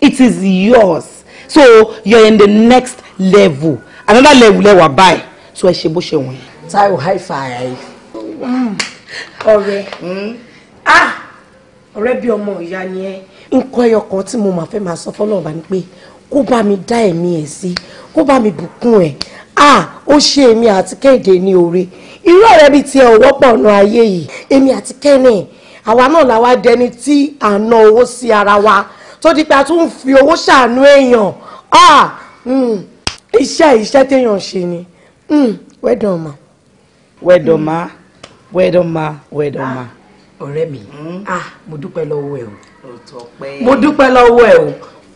it is yours so you're in the next level another level lẹwà báyìí so ẹ ṣe bó ṣe wù yín. Táíwò high five. ọ̀rẹ́ hmm? ah ọ̀rẹ́ bí ọmọ ìyá ni ẹ nǹkan ẹyọ kan tí mo máa fẹ́ máa sọ fọ́lọ́ọ̀bá ni pé kó bá mi dá ẹ̀mí ẹ̀ sí kó bá mi bùkún ẹ̀ ah ó ṣe èmi àti kéde ní oore irú ọ̀rẹ́ bíi tiẹ̀ ò wọ́pọ̀ ọ̀nà ayé yìí èmi àti kẹ́nì àwa náà làwa dẹni tí à ń ná owó sí ara wa tó di pé a tún ń fi owó ṣàánú èèyàn ah iṣẹ́ iṣẹ́ téèyàn ṣe ni wẹ́dàn mà. wẹ́dàn mà ọ̀rẹ́ mi hmm. ah, mo dúpẹ́ lọ́wọ́ ẹ̀ o mo dúpẹ́ lọ́wọ́ ẹ̀ o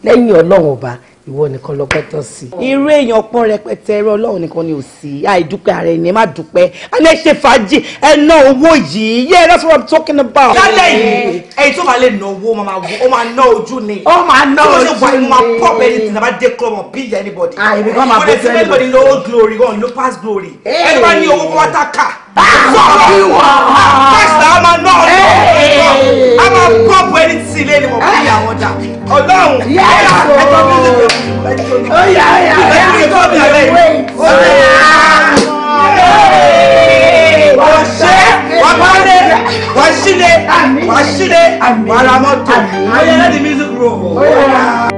lẹ́yìn ọlọ́run ọba ìwọ nìkan lọ́pẹ́ tọ́ sí. irú èèyàn pọ́n rẹpẹtẹ ẹ̀rọ ọlọ́run nìkan ni ò sí àìdúpẹ́ ara ẹni ẹ má dúpẹ́ alẹ́ ṣe fàájì ẹ owó yìí yeah that's what i'm talking about. lálẹ́ yìí ẹyin tó máa lè ná owó máa wo ó máa ná ojú ni. ó máa ná ojú ni tí wọ́n ṣe wáyé máa pọ̀ bẹ́ẹ̀ ni tìǹbà dé club on bí anybody. àìbí kan máa bẹ́ẹ̀ sẹ́yìn lọ. kò lè sí everybody ló glory gan ló pass glory. ẹni sọ̀rọ̀ kẹsì á máa ná ọ̀rọ̀ á máa pọ́ọ̀pù ẹni tí ilé ni wọ́n fi àwọn ọjà ọlọ́run ẹ̀yà ẹ̀tọ́ mi lè lò ẹ̀yà ẹ̀yà ẹ̀yà tó mi rẹ̀ wọ́n ṣe wọ́n máa lè wọ́n ṣílẹ̀ wọ́n ṣílẹ̀ music room.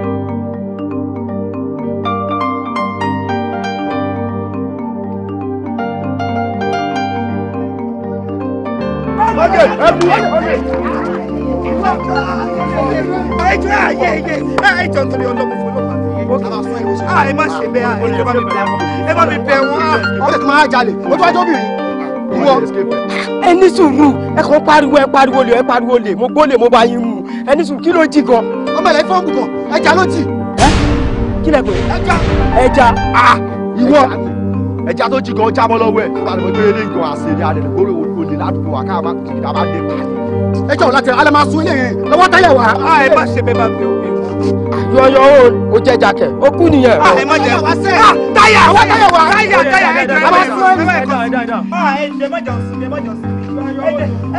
ẹjọ́ ayé ayé ẹjọ́ nítorí ọlọ́mọ ẹ kàn pariwo ẹ pariwo lè ẹ pariwo lè mo gbọ́ lè mo bá yín mu ẹ ní kí ló jí gan. ọmọ ẹ̀ fọ́ọ̀mù kan ẹja ló jì. ẹ kí lẹ pè é. ẹja ẹja. Ah, ìwọ ẹja tó jí gan jábọ́ lọ́wọ́ ẹ̀ nígbà tó gbé ilé ìgbọ̀n àṣírí adẹ̀ lórí òun ládùúgbò wa ká máa tìbí dábàá dé pa ni. ẹ jọ̀wọ́ láti alẹ́ máa sun ilé yẹn lọ́wọ́ tẹ́lẹ̀ wa. a ah, ẹ má ṣe bẹ́ẹ̀ bá mi ò mi. yọyọ o o jẹ jakẹ o kú nìyẹn. a ah, ẹ má jẹ wa sẹ. táyà àwọn táyà wa. táyà táyà ẹ jọ ẹ má jọ ẹ má jọ ẹ má jọ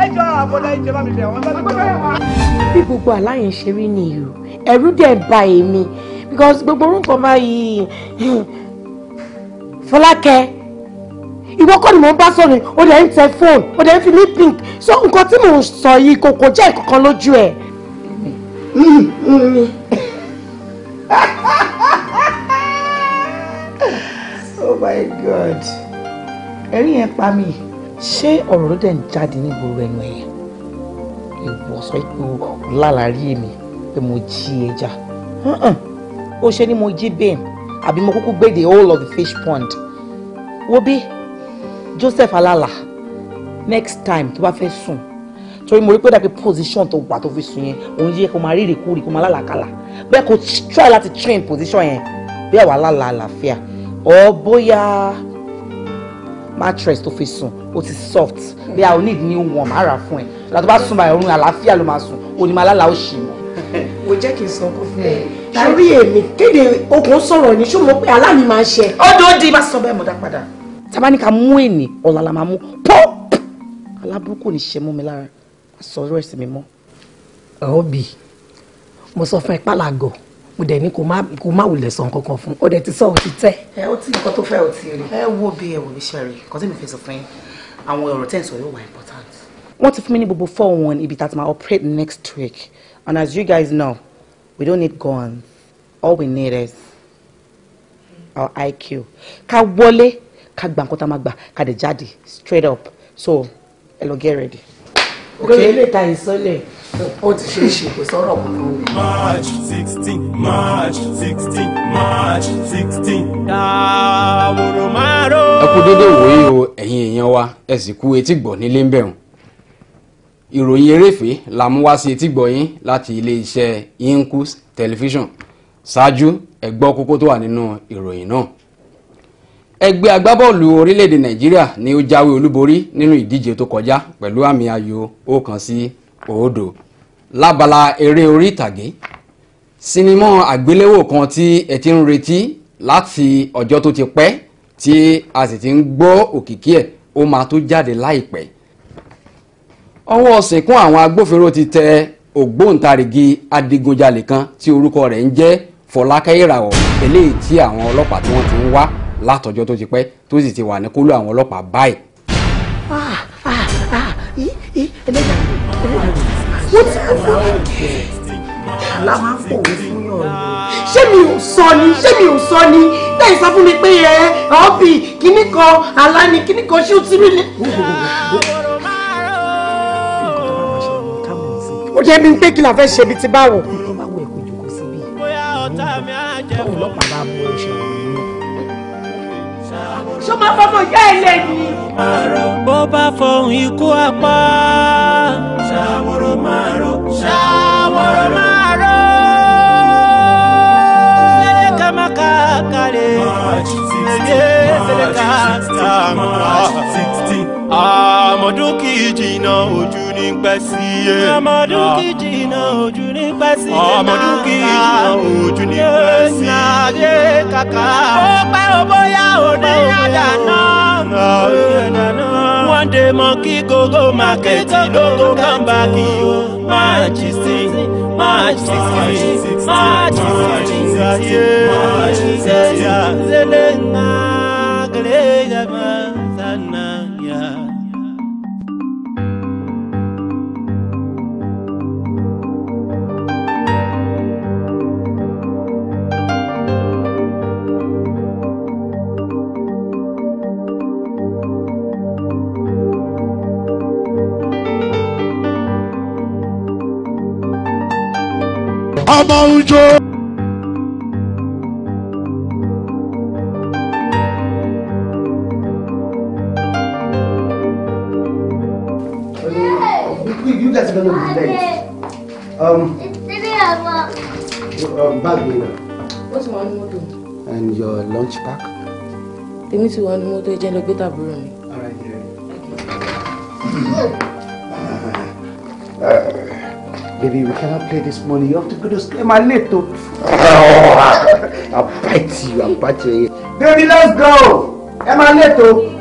ẹ jọ àbọ̀dá ẹ jẹ bá mi bẹ̀ bí gbogbo àlàyé ṣe rí nìyí ẹ̀rù dẹ̀ bà èmi because gbogbo orúkọ báyìí [laughs] Fọlákẹ́ ìwọ kọ́ ni mò ń bá sọ̀rọ̀ o dẹ̀ ń tẹ fóònù o dẹ̀ ń fi mí pink so nǹkan tí mò ń sọ yìí kò kò jẹ́ ìkọ̀kan lójú ẹ̀. [laughs] oh my god ẹ̀rín yẹn pa mí ṣé ọ̀rọ̀ ló dẹ̀ ń jáde ní gbogbo ẹnu ẹ̀yẹ ìwọ sọ pé o lálàárí èmi pé mo jí ẹja ó ṣe ni mo jí bẹ́ẹ̀ àbí mo kúkú gbé the whole of the fish pond wo bí. Joseph Alala next time tó bá fẹ́ sùn torí mo rí pé dàbí position tó wà tó fi sùn yẹn òun yẹ kó máa rírì kúrì kó máa lálàkàlà bẹ́ẹ̀ kó try láti train position yẹn bí àwa lálà àlàáfíà ọ bóyá mattress tó fi sùn ó ti soft bí a ò ní ìdí ní wọ̀n máa rà fún ẹ látọ̀ bá sùn báyìí òun àlàáfíà ló máa sùn òní máa lálàá ó ṣì mọ́. mo jẹ́ kí n sọ kó fún ẹ torí èmi kéde okùn sọ̀rọ̀ ní ṣó mo pé aláàmì máa ń ṣe. ó dòó di bá sọ bẹ́ẹ̀ mo dá padà tabaníkà mú èní ọ̀la la máa mú pọ́ alábùkù ní ṣe mú mi lára àsọ̀rọ̀ ẹ̀sìn mi mọ́. ọ̀ọ́bì mo sọ fún ẹ pàlàgọ̀ mo dẹ̀ ní kó má wulẹ̀ sọ nǹkan fún ọ ti sọ ọ tẹ́. ẹ ó tí nǹkan tó fẹ́ ò tí rí. ẹ wo bí ẹ wò mí ṣe rí tí mi fi sọ fún àwọn ọ̀rọ̀ tẹ̀ ń sọ yóò wà important. wọ́n ti fún mi ní gbogbo four oh one ibi tá a ti máa operate next week and as you guys know we don't need guns all we need is our IQ ká wọlé ká gba nǹkan tá a máa gbà ká dẹ̀ jáde straight up so ẹ lọ get ready. lórí ilé ìta ìsọlẹ̀ ó ti ṣe é sọ̀rọ̀ kankan. march sixteen march sixteen march sixteen. àwòrán márùn. ẹ kú dédé wòye o ẹ̀yin èèyàn wa ẹ sì kú etí gbọ̀ nílé ń bẹ̀rùn ìròyìn erèfé la mú wá sí etí gbọ̀yìn láti iléeṣẹ́ Incus television ṣáájú ẹ gbọ́ kókó tó wà nínú ìròyìn náà ẹgbẹ́ agbábọ́ọ̀lù orílẹ̀-èdè nàìjíríà ni ó jáwé olúborí nínú ìdíje tó kọjá pẹ̀lú àmì ayò ọ̀kan sí òdo lábala eré orí ìtàgé sinimá àgbéléwò kan tí ẹ ti ń retí láti ọjọ́ tó ti pẹ́ tí a sì ti ń gbọ́ òkìkí ẹ̀ ó máa tó jáde láìpẹ́ ọwọ́ sìnkún àwọn agbófinró ti tẹ ògbóǹtarìgì adigunjalè kan tí orúkọ rẹ̀ ń jẹ́ fọlákẹ́ eléyìí tí àwọn ọlọ́pàá tí wọ́n ti ń wá látọjọ́ tó ti pẹ́ tó sì ti wà ní kólú àwọn ọlọ́pàá báyìí. Ah, ah, ah, àlá máa ń fòwe fún yàn ni ṣé mi ò sọ ni ṣé mi ò sọ ni tẹ̀yìn sọ fún mi pé ẹ ọ́bì kíní kan àlá ni kíní kan ṣé o ti rí ni. ó jẹ́ mi pé kí la fẹ́ ṣe bí ti báwo. ọlọ́pàá wo ẹ̀kọ́ ìjókòó síbí. bóyá ọ̀tá bá mú ẹ ṣe tó máa fọmọ ìyá ẹ ni. bó bá fọhùn ikú apá. ṣàwòrò máa rọ. ṣàwòrò máa rọ. lẹ́lẹ́ ká má ká kárẹ̀. lẹ́lẹ́ sẹ́lẹ̀ ká ká àmọ̀dún kì í jìnnà ojú ní pẹ́ sí i. ọmọdún kì í jìnnà ojú ní pẹ́ sí i. ọmọdún kì í jìnnà ojú ní pẹ́ sí i. ìyáyé kàkà. ó pẹ́ ó bóyá ò ní àdànà. one day monkey go go market no go come back you. march sixteen march sixteen march sixteen. ìyáyé ìyáyé ìyáyé. máa ń Um, What's my motto? And your lunch pack? Tèmi ti wà ní mọ́tò ẹ jẹ́ lọ gbé tàbúrò mi. Baby, we cannot play this morning. You have to go to school. My little. Oh, [laughs] I'll bite you. I'll bite you. Baby, let's go. Am I little?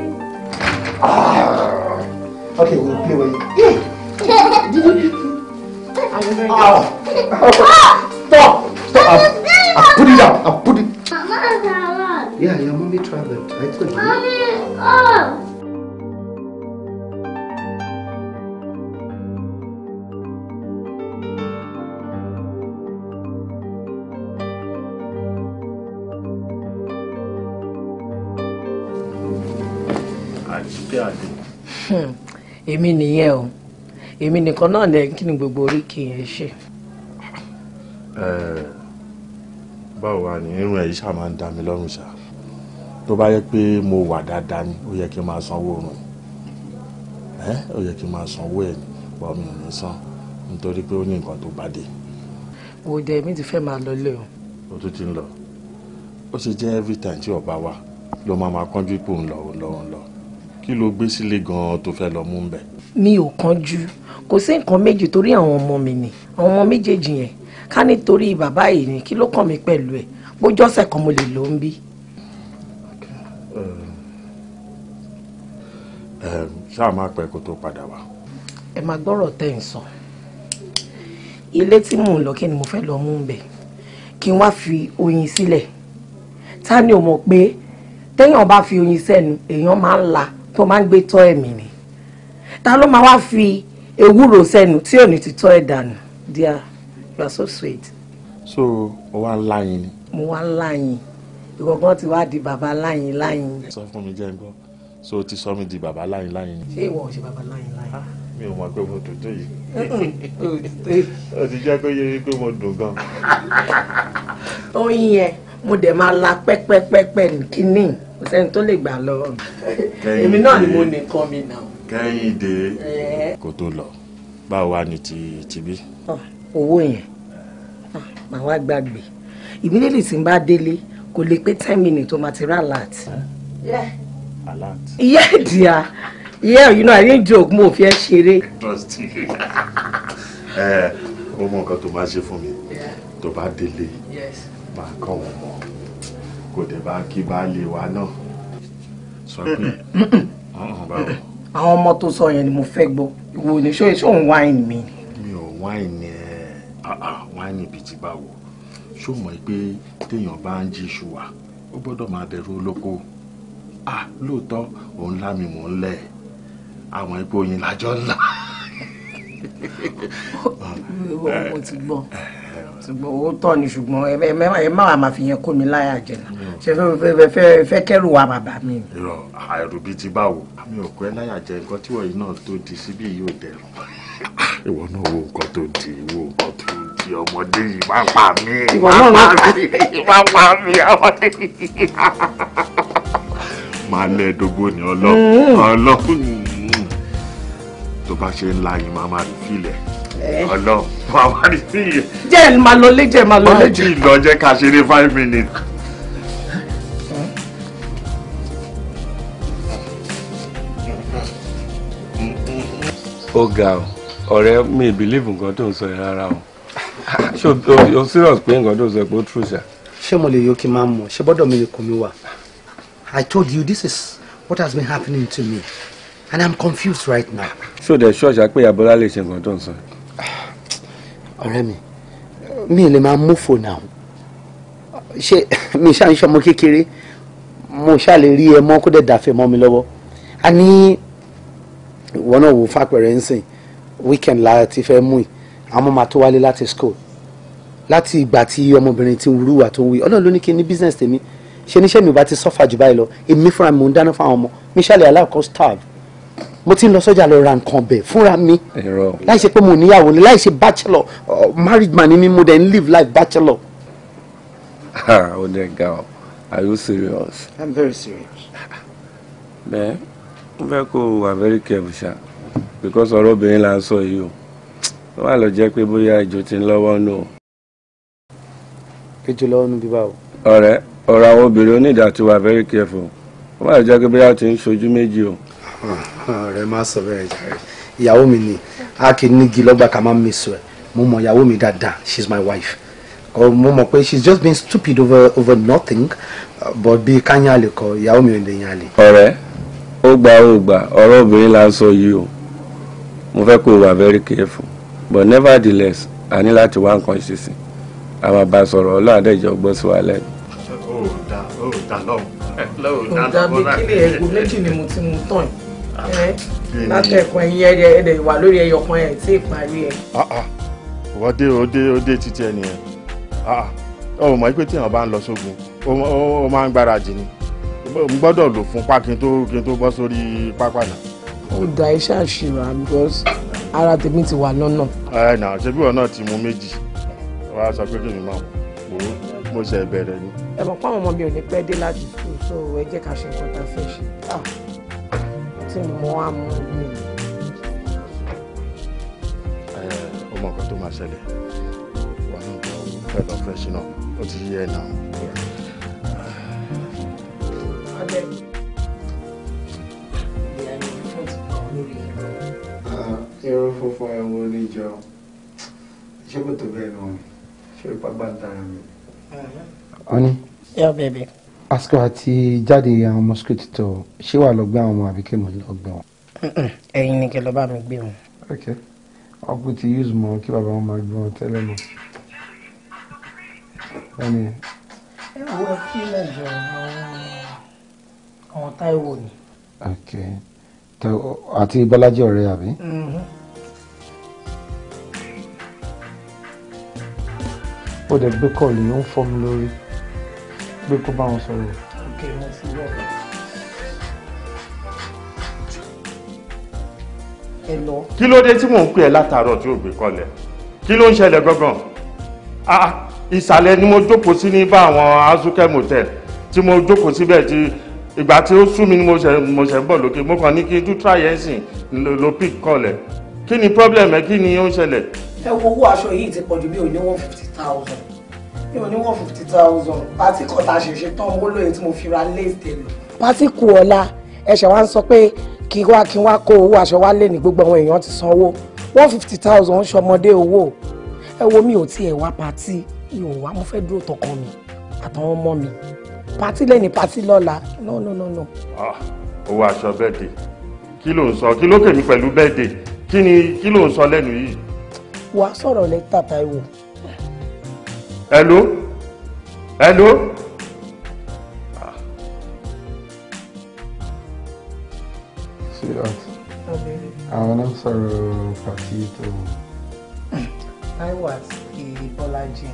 èmi nìyẹn o èmi nìkan náà lẹ kí ni gbogbo oríkì yẹn ṣe. báwo wà ní irun ẹ̀ yìí ṣáà máa ń dá mi lọ́rùn ṣá tó bá yẹ pé mo wà dáadáa ni ó yẹ kí n máa sanwó oorun ẹ ó yẹ kí n máa sanwó ẹ̀ pọ̀ mi ò ní san nítorí pé ó ní nǹkan tó bá dé. wo jẹ mi ti fẹ́ máa lọ lé o. o tún ti ń lọ ó ṣe jẹ́ every time tí ọba wa ló máa máa kánjú ipò ńlọ ńlọ ńlọ kí ló gbé sílé gan-an tó fẹ́ lọ mú un bẹ̀. mi ò kánjú kò sí nǹkan méjì torí àwọn ọmọ mi ni àwọn ọmọ méjèèjì yẹn ká nítorí bàbá yìí ni kí ló kàn mí pẹ̀lú ẹ̀ bó jọ́sẹ̀ kan mo lè lò ń bí. Eh, ṣáà má pẹ́ kó tó padà wá. ẹ máa gbọ́rọ̀ tẹ́ ń sọ ilé tí mò ń lọ kí ni mo fẹ́ lọ mú un bẹ̀ kí n wá fi oyin sílẹ̀ ta ni ò mọ̀ pé téèyàn bá fi oyin sẹ́nu èèyàn máa ń la tó máa ń gbé tọ́ ẹ̀mí ni ta ló máa wá fi ewúro sẹ́nu tí ò ní ti tọ́ ẹ̀ dànù dear you are so sweet. so o wa ń láyìn ni. mo wá ń láyìn ìgbọ̀ngàn ti wá di bàbá láyìn láyìn. sọ fún mi jẹ́ nǹkan so o ti sọ mi di bàbá láyìn láyìn. ṣé ìwọ ò ṣe bàbá láyìn láyìn. Ah, mi ò mọ̀ pé mo dùn tó yìí. [laughs] o ti jẹ́ kó yẹ pé mo dùn gan. oyin yẹn mo dẹ̀ máa la pẹ́pẹ́pẹ́pẹ́ kínní kò sẹ́ni tó lè gbà lọ èmi náà ni mo nìkan mi nà. kẹ́hìndé kò tó lọ báwo wá ní ti tibí. Ah, owó yẹn ah, màá wá gbàgbé ìmílẹ̀lì tí n bá délé kò lè pé ten minutes tó material ti rà alert. alert. iye ìdíyà iye you know I didn't joke mo fi ẹ ṣeré. trust me [laughs] ẹ ọmọ nǹkan tó máa ṣe fún mi tó bá délé máa kàn wọ́n mọ́ kò dẹ̀ bá kí baálé wa náà sọ pé ọ̀hún ah, báwo. àwọn ọmọ tó sọ yẹn ni mo fẹ́ gbọ́ ìwò ní ṣó ìṣó ń wáìnì mi. mi ò wáìnì ẹ wáìnì ibi tí báwo ṣó mọ̀ pé téèyàn bá ń jí iṣu ó gbọ́dọ̀ máa bẹ̀rù olóko ah lóòótọ́ òun lámì mò ń lẹ̀ àwọn ipò oyin lájọ́ ńlá. mo ti gbọ́. Eh, ṣùgbọ́n òótọ́ ni ṣùgbọ́n ẹ má wàá máa fi yẹn kó mi láyà jẹ náà ṣe fẹ́ fẹ́ kẹ́rù wa bàbá mi. irọ́ àìrò bíi ti báwo àmì òkú ẹ láyà jẹ nǹkan tí wọ̀nyí náà tó di síbí yóò dẹrùn [laughs] ìwọ náà wo nǹkan tó di wo nǹkan tó di ọmọdé yìí má pa mí má pa mí má [laughs] pa mí ọmọdé yìí [laughs] máa lẹ́ẹ̀dógún ni ọlọ́run mm-hmm. ọlọ́run tó bá ṣe ń la yìí má má rí fílẹ̀ ọlọ bàbá rí sí iye. jẹ́ ẹ̀ máa lọ lé jẹ́ ẹ̀ máa lọ lé jù. báyìí lọ jẹ́ ká ṣe ní five minutes. ó ga ọ ọ̀rẹ́ mi believe nǹkan tó ń sọ yẹn rárá o ṣé o serious pé nǹkan tó ń sọ yẹn pé ó true ṣá. ṣé mo lè yọ kí n máa mọ̀ ṣé bọ́dọ̀ mi lè kọ́ mi wá. I told you this is what has been happening to me and I'm confused right now. ṣé o dẹ̀ ṣọ́ọ̀ṣà pé abọ́lá lè ṣe nǹkan tó ń sọ ọ̀rẹ́ mi mi lè máa mófò náà ṣe mi ṣáà ń ṣọmọ kékeré mo ṣáà lè rí ẹ mọ́ kó dẹ̀ dàfẹ́ mọ́ mi lọ́wọ́ a ní ìwọ náà wò fàpẹ̀rẹ̀ ń sìn weekend la ti fẹ́ mú i àwọn máa tó wálé láti school láti ìgbà tí ọmọbìnrin ti wúrúwà tó ń wí ọlọ́run ló ní kí n ní business tèmi ṣe níṣẹ́ mi ò bá ti sọ́fà jù báyìí lọ èmi fúnra mi ò ń dáná fún àwọn ọmọ mi ṣáà lè aláàkọ́ starve mo ti ń lọ sọ́jà lọ ra nǹkan bẹ̀ fúnra mi láì pé mo níyàwó ni láì bachelor uh, married man ni mi mo dẹ̀ live life bachelor. ó dẹ̀ ga ọ are you serious. i'm very serious. bẹ́ẹ̀ mo fẹ́ kó o very careful ṣá because ọ̀rọ̀ obìnrin là ń sọ yìí o wọ́n wà lọ jẹ́ pé bóyá ìjọ ti ń lọ́wọ́ nù. kejì lọ́wọ́ nu bíbá o. ọ̀rẹ́ ọ̀rọ̀ àwọn obìnrin onídàá ti wà very careful wọ́n wà lọ jẹ́ pé bóyá o ti ń ṣojú méjì o ọ̀rẹ́ má sọ bẹ́ẹ̀ jàre ìyàwó mi ni a kì í nígi lọ́gbà ká má mi sọ ẹ̀ mo mọ ìyàwó mi dáadáa she is my wife mo mọ̀ pé she is just being stupid over over nothing but bí káyà lè kọ ìyàwó mi ò lè yàn lè. ọ̀rẹ́ ó gba ó gba ọ̀rọ̀ obìnrin la ń sọ yìí o mo fẹ́ kó o wà very careful but nevertheless a ní láti wá nǹkan ṣe sí a máa bá a sọ̀rọ̀ ọlọ́run àdéjọ gbọ́ sí wa lẹ́nu. ó dà ó dà lọ́wọ́. ó dà bí kílẹ̀ ẹ̀gbọ́n méjì ni mo ti mu tán yìí látẹ̀kùn ẹ̀yìn ẹ̀dẹ̀ ẹ̀dẹ̀ ìwà lórí ẹyọkan ẹ̀ tí ìparí ẹ̀. Ah, ah. wọ́n dé ó dé ó dé títí ẹ nìyẹn ah, ọmọ mọ̀ pé tíyàn bá ń lọ sógun ó máa ń gbáradì ni n gbọ́dọ̀ lò fún pa kí n tó kí n tó bọ́ sórí pápá náà. ó da iṣẹ́ àṣìrà because ara tèmi ti wà lọ́nà. ẹ nà ṣe bí wọn náà ti mu méjì wàá sọ pé kí mi máa wò ó mo ṣe bẹ̀rẹ̀ ni. ẹ mọ̀ pé àwọn ọmọ mi ò ní pẹ́ dé láti sùn so ẹ jẹ́ ká ṣe nǹkan tá a fẹ́ ṣe tí mo wá mọ ilé mi. ẹ o mọ nǹkan tó máa ṣẹlẹ̀ wà náà tó fẹ́ lọ fẹ́ ṣìnà ó ti yé ẹ̀ náà. irú funfun ẹ̀ wo ni jọ ṣé kò tó bẹ́ẹ̀ náà ṣé ìpàgbà ń tara mi. honey. Yeah, baby àsìkò àti jáde àwọn ọmọ sukùl títọ ṣé wàá lọ gbé àwọn ọmọ àbíkẹ́ mọ̀ lọ gbé wọn. ẹ̀yin ni kẹ́ lọ bá mi gbé wọn. ok ọkùnrin ti use mọ kí bàbá wọn máa gbé wọn tẹ́lẹ̀ mọ́. ẹ wo kí lẹ́jọ́ àwọn Táíwò ni. ok àti Bọ́lájí ọ̀rẹ́ àbí. Mm-hmm. ó dẹ̀ gbé kọ́ọ̀lù yóò ń fọ́ mi lórí pé kó bá wọn sọ̀rọ̀. okay mo fi wọ́ ẹ lọ. kí ló dé tí mò ń pè ẹ́ látàárọ̀ tí ò gbé kọlẹ̀ kí ló ń ṣẹlẹ̀ gangan ah, ah, ìsàlẹ̀ ni mo jókòó sí ní bá àwọn azuke motel tí mo jókòó síbẹ̀ tí ìgbà tí ó sú mi ni mo ṣe mo ṣe ń bọ̀ lókè mo kàn ní kí n tún try ẹ̀sìn ló pick kọlẹ̀ kí ni problem ẹ kí ni ó ń ṣẹlẹ̀. ẹ wo owó aṣọ yìí ti pọ̀ ju bí o ní one fifty thousand mi ò ní one fifty thousand pàtí kan tá a ṣẹ̀ṣẹ̀ tán owó lóye tí mo fi ra léèdè lọ. pàtí kù ọ̀la ẹ̀ṣẹ̀ wa ń sọ pé kí wá kí wá kó owó aṣọ wa lé ní gbogbo àwọn èèyàn ti sanwó one fifty thousand ń ṣọmọdé owó ẹ wo mi ò tiẹ̀ wá pàtí mi ò wá mo fẹ́ dúró tọkàn mi àtàwọn ọmọ mi pàtí lẹ́ni pàtí lọ́la no no no no. Ah, owó aṣọ bẹ́ẹ̀dẹ̀ kí ló ń sọ kí ló kèmí pẹ̀lú bẹ́ẹ̀dẹ̀ kí ni kí ló ń sọ lẹ́nu yìí. wàá sọ̀rọ̀ lẹ́tà Táíwò hello hello. sweetheart àwọn I was pàtí Bola Táíwò Bola Bọ́lájí.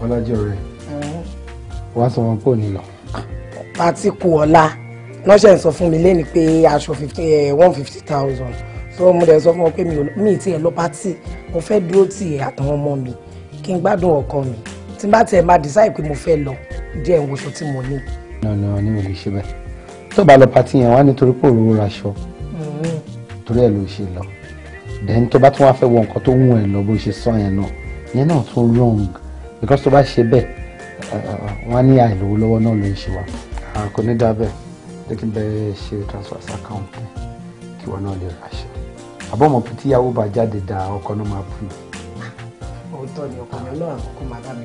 Bọ́lájí ọ̀rẹ́ mm-hmm. wàá sọ wọn pò nílọ. pàtí kù ọ̀la lọ́sẹ̀ ń sọ fún mi lẹ́ni pé aṣọ eh, one fifty 150000 so mo dẹ̀ sọ fún wọn pé mi ì tiẹ̀ lọ pàtí mo fẹ́ dúró tì àtàwọn ọmọ mi kí n gbádùn ọkọ mi tí n bá tiẹ̀ máa decide pé mo fẹ́ lọ díẹ̀ wo sọ tí mo ní. nọ̀nà ni o lè ṣe bẹ́ẹ̀ tó bá lọ pati yẹn wá nítorí pé òru raṣọ mm-hmm. torí ẹ̀ ló ṣe lọ then tó bá tún wá fẹ́ wọ nǹkan tó ń wọ̀ ẹ̀ lọ bó ṣe sọ yẹn náà yẹn náà tún wrong because tó bá ṣe bẹ́ẹ̀ wọ́n á ní àìlówó lọ́wọ́ náà ló ń ṣe wa kò ní dáa bẹ́ẹ̀ jẹ́ kí n bẹ́ẹ̀ ṣe transfer sí account kí wọ́n náà lè raṣọ àbọ̀ mọ̀ pé tíyàwó bá jáde da ọkọ náà máa fún òótọ́ ni ọkọ mi ọlọ́run àkọ́kọ́ máa bá mi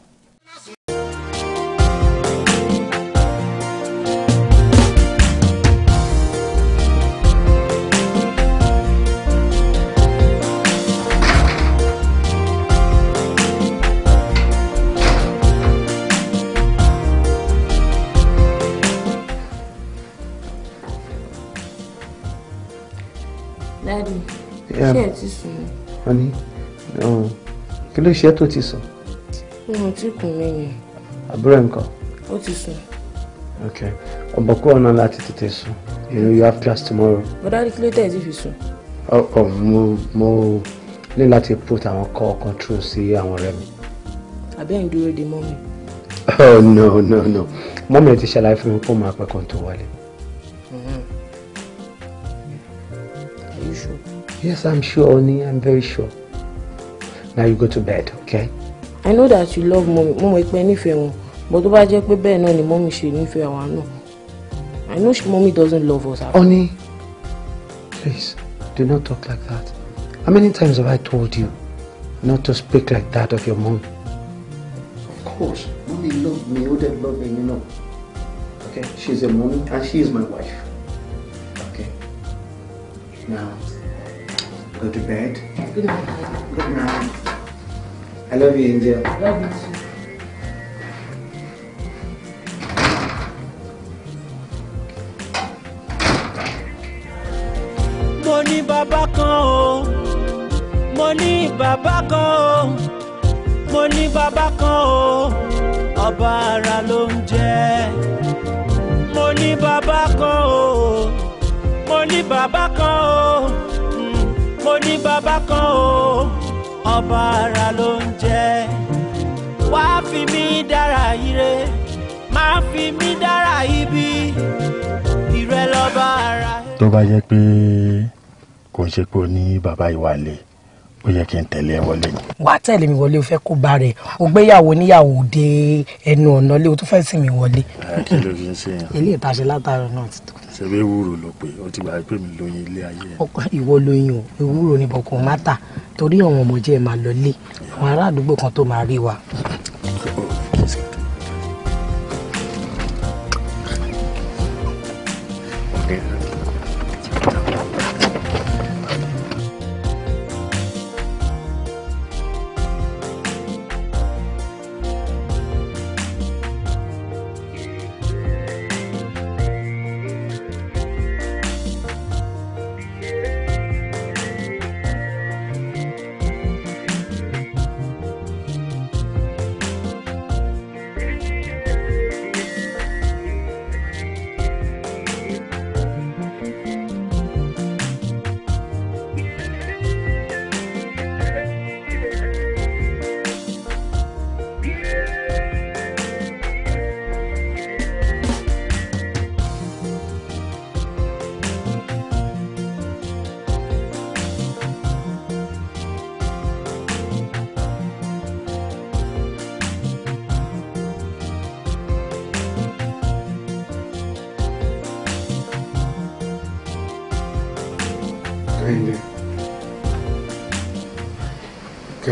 ṣé ẹ ti sùn ni. wọ́n ní kí ló ṣe tó ti sùn. mi ò tí kùn mí yẹn. àbúrò ẹ̀ ń kọ́. ó ti sùn. ok ọ̀bọ̀kú ọ̀nà láti tètè sùn you know you have class tomorrow. bọ́dá ní kí ló tẹ̀ ẹ́ ti fi sùn. ọ̀ oh, oh, mo mo ní láti put àwọn call control sí àwọn ọ̀rẹ́ mi. àbí ẹ̀ ń dúró de mọ́mì. oh no no no mọ́mì ẹ ti ṣàlàyé fún mi fún mi àpẹkọ̀ tó wọlé. Yes, I'm sure, Oni. I'm very sure. Now you go to bed, okay? I know that you love mommy. Mo mọ̀ pé nífẹ̀ẹ́ But tó bá jẹ́ pé bẹ́ẹ̀ náà mommy ṣe nífẹ̀ẹ́ àwa náà. I know she, mommy doesn't love us. Oni, please, do not talk like that. How many times have I told you not to speak like that of your mom? Of course. Mommy loved me. Would have loved me, you know. Okay? She's a mommy and she is my wife. Okay? Now, Go to bed. Good night. Good night. I love you, Angel. Love you too. Mo ní bàbá kan o, mo ní bàbá kan o, mo ọba ara ló ń jẹ́. Mo ní bàbá kan o, mo ní bàbá kan o mo ní bàbá kan o ọba ara ló ń jẹ́ wá fi mí dára ire má fi mí dára ibi ìrẹ lọ́ba ara. tó bá jẹ́ pé kò ń ṣe pé o ní bàbá ìwàlẹ̀ ó yẹ kí n tẹ̀lé ẹ wọlé wàá tẹ̀lé mi wọlé o fẹ́ kó ba rẹ̀ o gbéyàwó níyàwó dé ẹnu ọ̀nà lé o tún fẹ́ sìn mi wọlé. kí ló fi ń ṣe yàn. ilé ìtaṣe látara náà ti tó ṣebí ewúro ló pé ó ti gbà pé mi lóyún ilé ayé ẹ. ìwọ lóyún o ewúro ni bọkàn má tà torí àwọn ọmọ jẹ́ máa lọ àwọn ará àdúgbò kan tó máa rí wa. [laughs]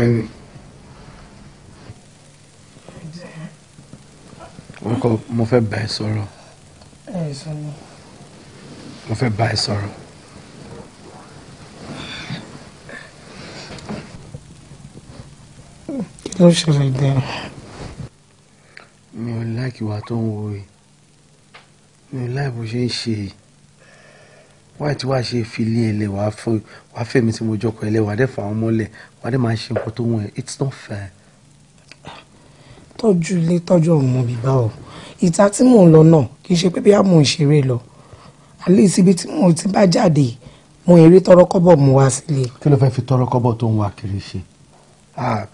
kẹ́ni. wọn kọ mo fẹ́ bá ẹ sọ̀rọ̀. mo fẹ́ bá ẹ sọ̀rọ̀. kí ló ṣẹlẹ̀ gan-an. mi ò láìkí wa tó ń wo yìí mi ò láì bó ṣe ń ṣe yìí wáyé tí wàá ṣe filé ẹlẹ wàá fún wàá tí mo jọkọ ẹlẹ wàá dẹ fà wọn mọ́lẹ̀ wàá dẹ máa ṣe nǹkan tó wọn ẹ it's not fair. tọ́jú ilé tọ́jú ọ̀hún mọ́ mi bá ọ ìta tí mò ń lọ náà kì í ṣe pé bí a mò ń ṣeré lọ àlẹ́ ìsibí tí mò ń ti bá jáde mo èrè tọrọ kọ́bọ̀ mu wá sílé. kí ló fẹ́ẹ́ fi tọrọ tó ń wá kiri ṣe. Ah,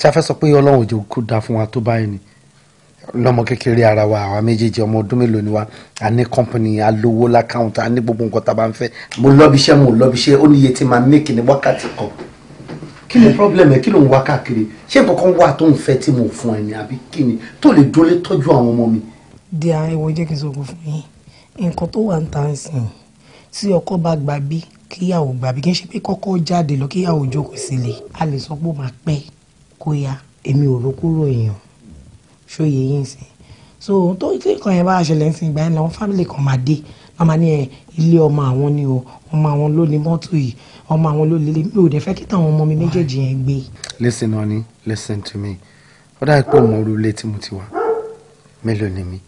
ṣàfẹ́ sọ pé ọlọ́run ò jẹ́ dáa fún wa tó báyìí ni lọ́mọ kékeré ara wa àwa méjèèjì ọmọ ọdún mélòó ni wa a ní kọ́mpìnì alówó lákàùntà a ní gbogbo nǹkan tá a bá ń fẹ́ mo lọ́bi iṣẹ́ mo lọ́bi iṣẹ́ ó ní iye tí màá méèkì ní wákàtí kan kí ni problem ẹ kí ló ń wá káàkiri ṣé nǹkan wà tó ń fẹ́ tí mo fún ẹ ní àbí kí ni tó lè dúró tọ́jú àwọn ọmọ mi. di àwọn ẹwọ jẹ́ kí n sọ̀rọ̀ fún yín nǹkan tó wà ń ta ẹ̀sìn tí ọkọ bá gbà kíyàwó gbà kí n ṣe pé kọ́kọ́ jáde lọ kíyàwó jókòó sílẹ̀ a lè sọ pé ó máa pẹ́ kó èmi ò rókúrò èèyàn ṣòye yín sìn so tó tí nǹkan yẹn bá ṣẹlẹ̀ ń sìn ìgbà yẹn làwọn fámìlì kan máa dé wọn máa ní ẹ ilé ọmọ àwọn ni o ọmọ àwọn ló ní mọ́tò yìí ọmọ àwọn ló lélẹ̀ mi ò dẹ̀ fẹ́ kí táwọn ọmọ mi méjèèjì yẹn gbé. listen honey listen to me ó dáa pé mo rú ilé tí mo ti wá mélòó ni mi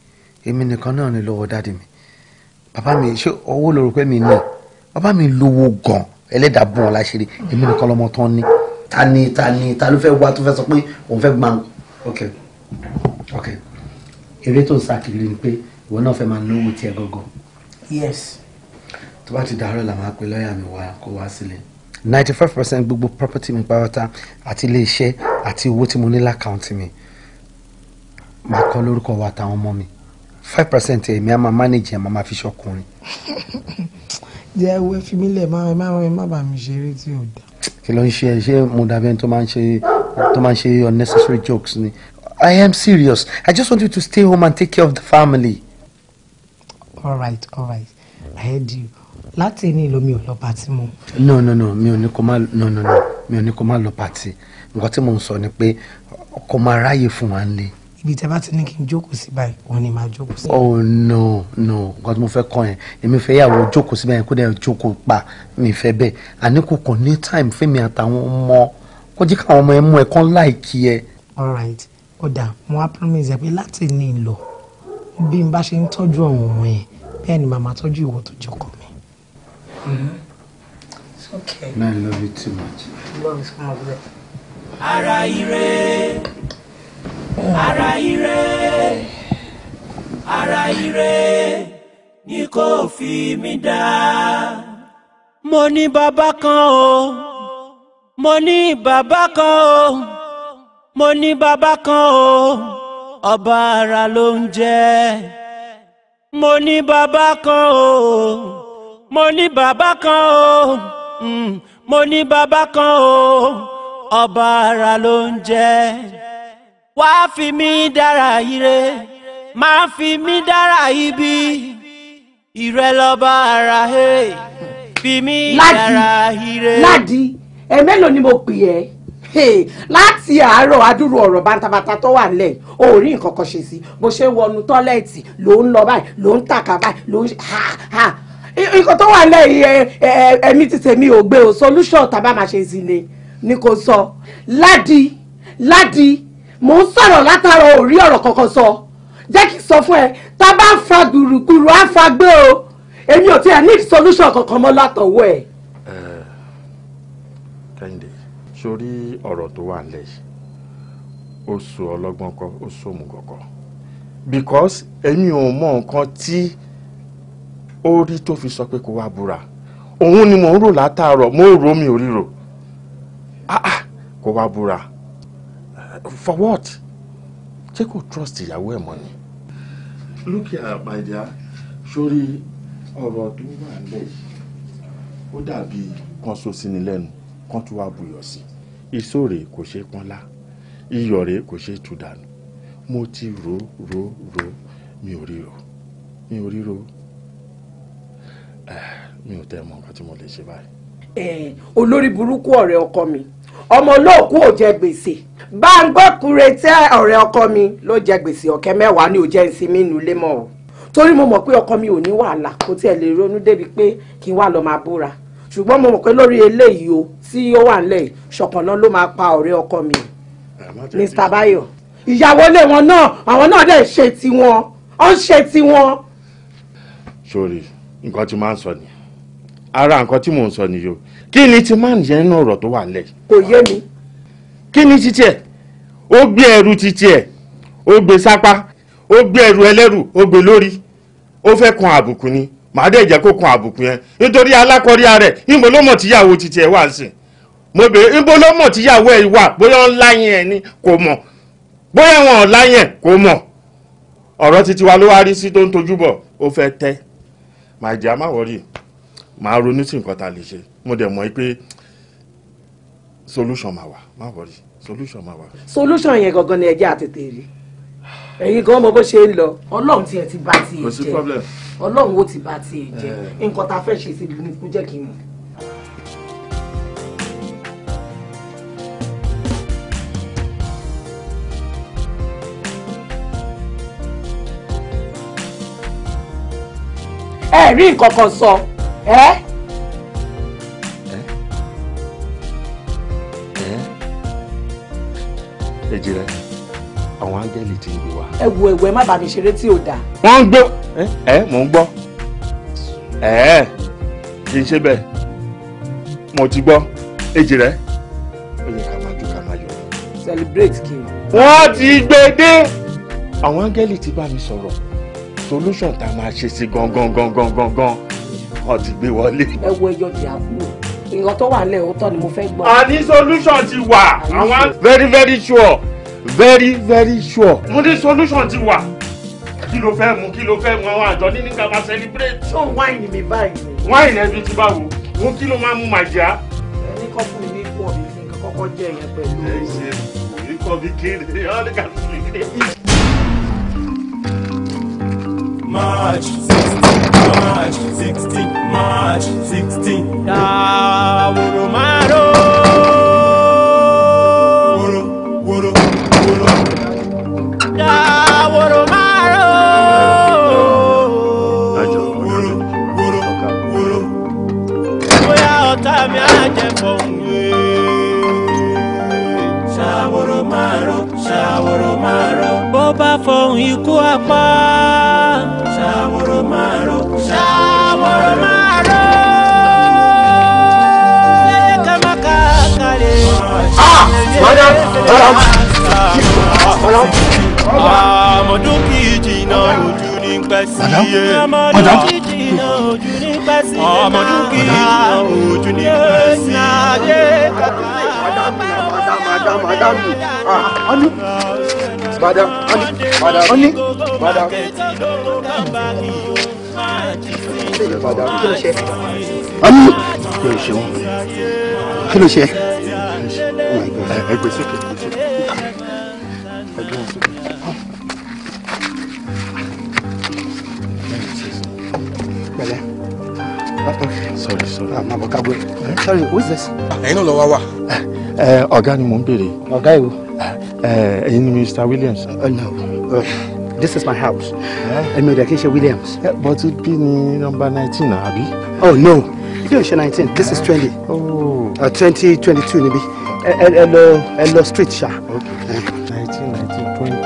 èmi nìkan náà ni lọ́wọ́ dáàdì mi bàbá mi ṣé owó lóru pé mi ní bàbá mi lówó gan ẹlẹ́dàá bùn ọ́ láṣìírí èmi nìkan lọ́mọ tán ní ta ni ta ni ta ló fẹ́ wá tó fẹ́ sọ pé òun fẹ́ gbà ok eré tó ń sá kiri ni pé ìwọ náà fẹ́ máa náwó tiẹ̀ gọ́gọ́. yes. tó bá ti dàárọ̀ la máa pe lọ́ọ̀yà mi wá kó wá sílé. ninety five percent gbogbo property mi pátá àti ilé iṣẹ́ àti owó tí mo ní lákàntì mi máa kọ lórúkọ wa táwọn ọmọ mi five percent èmi á máa manage ẹ̀ máa máa fi ṣọkùnrin. jẹ́ ẹwọ́ ẹ fi mí lẹ̀ máa máa má bàa mi ṣeré tí ò dá. kí ló ń ṣe ṣé mo dàbí ẹni tó máa ń ṣe unnecessary jokes ni I am serious. I just want you to stay home and take care of the family. All right, all right. I heard you. Láti ní ìlú mi ò lọ pàtí mọ́. No no no mi ò ní kó má no no no mi ò ní kó má lọ pàtí. Nǹkan tí mò ń sọ ni pé kò máa ráyè fún wa nílé. Ibi tí a bá ti ní kí n jókòó sí báyìí, òun ni màá jókòó sí. Oh no no nǹkan tí mo fẹ́ kọ́ yẹn èmi fẹ́ yàwó jókòó sí báyìí kó dẹ̀ jókòó pa mi fẹ́ bẹ́ẹ̀. Àní kò kàn ní time fẹ́mi àtàwọn ọmọ kó jẹ́ káwọn ọmọ ẹ mú ẹ kán láìkí ẹ. All right ọ̀dà mo á promise ẹ pé láti ní ìlọ bí n bá ṣe ń tọ́jú àwọn ọmọ yẹn bẹ́ẹ̀ màmá tọ́jú ìwọ tó jọkọ mi. Mm-hmm. I love you too much. Love is more Ara ire, ara ire, ara ire ni kò fi mí dá. Mo ní bàbá kan o, mo ní bàbá kan o mo ní bàbá kan o ọba ara ló ń jẹ́ mo ní bàbá kan o mo ní bàbá kan o mm, mo ní bàbá kan o ọba ara ló ń jẹ́ wàá fi mí dára ire máa fi mí dára ibi ìrẹ lọba ara he fi mí dára ire. Ládi ẹ mélòó ni mo pè ẹ́ láti àárọ̀ adúrú ọ̀rọ̀ bàtàbàtà tó wà nílẹ̀ ò rí nǹkan kan ṣe sí bó ṣe wọnú tọ́lẹ̀tì ló ń lọ báyìí ló ń tàkà báyìí ló ń ha ha nǹkan tó wà nílẹ̀ yìí ẹ̀mí ti tèmi ò gbé o solution tàbá máa ṣe sí ni ni kò sọ ládi ládi mò ń sọ̀rọ̀ látara ò rí ọ̀rọ̀ kankan sọ jẹ́ kí n sọ fún ẹ tá a bá fa gbùrùgbùrù á fa gbé o èmi ò tiẹ̀ ní solution kankan mọ́ látọ̀wọ́ ẹ̀. kẹ́hìndé sórí ọ̀rọ̀ tó wà nílẹ̀ yìí ó so ọlọ́gbọ́n kọ́ ó so because èmi ò mọ nǹkan tí ó rí tó fi sọ pé kó wá búra òun ni mò ń rò látàárọ̀ mo rò mi ò ríro ah ah kó wá búra for what ṣé kò trust ìyàwó ẹ̀ mọ́ ni. look here my dear sórí ọ̀rọ̀ tó wà nílẹ̀ yìí ó dàbí kan so sí ni lẹ́nu kan tó wá buyọ̀ sí i ìṣó rèé kò ṣeé pọ́nlá iyọ̀ rèé kò ṣeé tú dànù mo ti ro rò rò mi ò ríro mi ò ríro eh, mi ò tẹ́ mọ nǹkan tí mo lè ṣe báyìí. Eh, olórí burúkú ọ̀rẹ́ ọkọ mi ọmọ olóòkú ò jẹ gbèsè bá ń gbọ́ kúrètè ọ̀rẹ́ ọkọ mi ló jẹ gbèsè ọ̀kẹ́ mẹ́wàá ni ò jẹ́ ìsinmi inú mọ́ o torí mo mọ̀ pé ọkọ mi ò ní wàhálà kó tiẹ̀ lè ronú débi pé kí n wá lọ máa búra ṣùgbọ́n mo mọ̀ pé lórí eléyìí o tí ó wà nílẹ̀ ṣọ̀kànná ló máa pa ọ̀rẹ́ ọkọ mi Mr. Bayo ìyàwó lé wọn náà àwọn náà dẹ̀ ṣe tiwọn ó ń ṣe tiwọn. sori nǹkan tí máa ń sọ ni ara nǹkan tí mò ń sọ nìyó kí ni ti máa ń yẹ nínú ọ̀rọ̀ tó wà nílẹ̀. kò yé mi. kí ni títí ẹ̀ ó gbé ẹrù títí ẹ̀ ó gbé sápá ó gbé ẹrù ẹlẹ́rù ó gbé lórí ó fẹ́ kan àbùkù ni màá dẹ̀ jẹ́ kó kun àbùkù yẹn nítorí alákọ̀ọ́rí rẹ̀ níbo ló mọ̀ tíyàwó titi ẹ̀ wá sí mo bèrè níbo ló mọ̀ tíyàwó ẹ̀ wà bóyá ńlá yẹn ni kò mọ̀ bóyá wọn ọ̀la yẹn kò mọ̀ ọ̀rọ̀ titi wa ló wá rí sí tó ń tojú bọ̀ ó fẹ́ tẹ́ màá jẹ́ àmàwọ̀rì màá ronú sí nǹkan tá a lè ṣe mo dẹ̀ mọ̀ pé solution máa wà má wọ̀rì solution máa wà. solution yẹn gangan ni ẹjẹ àtètè rí ẹ̀yin gan mọ bó ṣe ń lọ Ọlọ́run tiẹ̀ ti bá tiẹ̀ jẹ́ kò sí problem ọlọ́run ó ti bá tiẹ̀ jẹ́ nǹkan tá a fẹ́ ṣe sí ni kú jẹ́ kí n mọ̀. ẹ rí nǹkan kan sọ ẹ. ẹ ẹ jìrẹ àwọn áńgẹ́lì ti ń gbé wa. ẹ wo ẹwẹ má bàa mi ṣeré tí ò dáa. wọ́n ń gbọ́ ẹ mò ń gbọ́ ẹ kì í ṣe bẹ́ẹ̀ mo ti gbọ́ èjì rẹ ó yẹ ká máa jó ká máa yọ. celebrate kí ni. wọ́n ti gbé dé. àwọn áńgẹ́lì ti bá mi sọ̀rọ̀ solution tá a máa ṣe sí gangan gangan gangan wọ́n ti gbé wọlé. ẹ wo ẹyọ ìyàwó ìyàn tó wà lẹ́yìn ni mo fẹ́ gbọ́. àní solution ti wà àwọn. very very sure very very sure. mo ní solution ti wà kí ló fẹ́ mu kí ló fẹ́ mu àwọn àjọ ní ká máa celebrate. ṣó wáìnì mi báyìí ni. wáìnì ẹbí ti bá wo wo kí ló máa mú màjá. ẹni kọ́ fún mi ní pọ̀ mi nǹkan kọ́kọ́ jẹ́ yẹn pẹ̀lú. ẹ ṣe kò kọ́ mi kéde ọ́ ní ká mi kéde. March sixteen, March sixteen, March sixteen. Dàwòrò máa rò. àrùn ikú apá. ṣàwòrò máa ro. ṣàwòrò máa ro. lẹ́yìn ká má ká kárẹ̀. Ah, madam madam madam. àmọ̀dún kì í jìnnà ojú ní pẹ́sì. madam madam ọmọdún kì í na ojú ní ìgbésí. madam madam madam madam. Ah, madam madam oni madam. ami kí ló ṣe wọn kí ló ṣe ẹgbẹ sókè ẹgbẹ sókè ẹgbẹ sókè. pẹ̀lẹ́ sorry sorry ah mabọ kagbe eh, sorry who is this. I know lọ wá ọ̀gá ni mò ń béèrè. ọ̀gá ìwò. ẹ̀yin ni Mr. Williams. Uh, no uh, this is my house. èmi ò dẹ̀ kí n ṣe Williams. but bí ni number nineteen àbí. oh no bí o ṣe nineteen this is twenty. Oh. Uh, twenty twenty two níbí ẹ lọ ẹ lọ street ṣá. nineteen nineteen twenty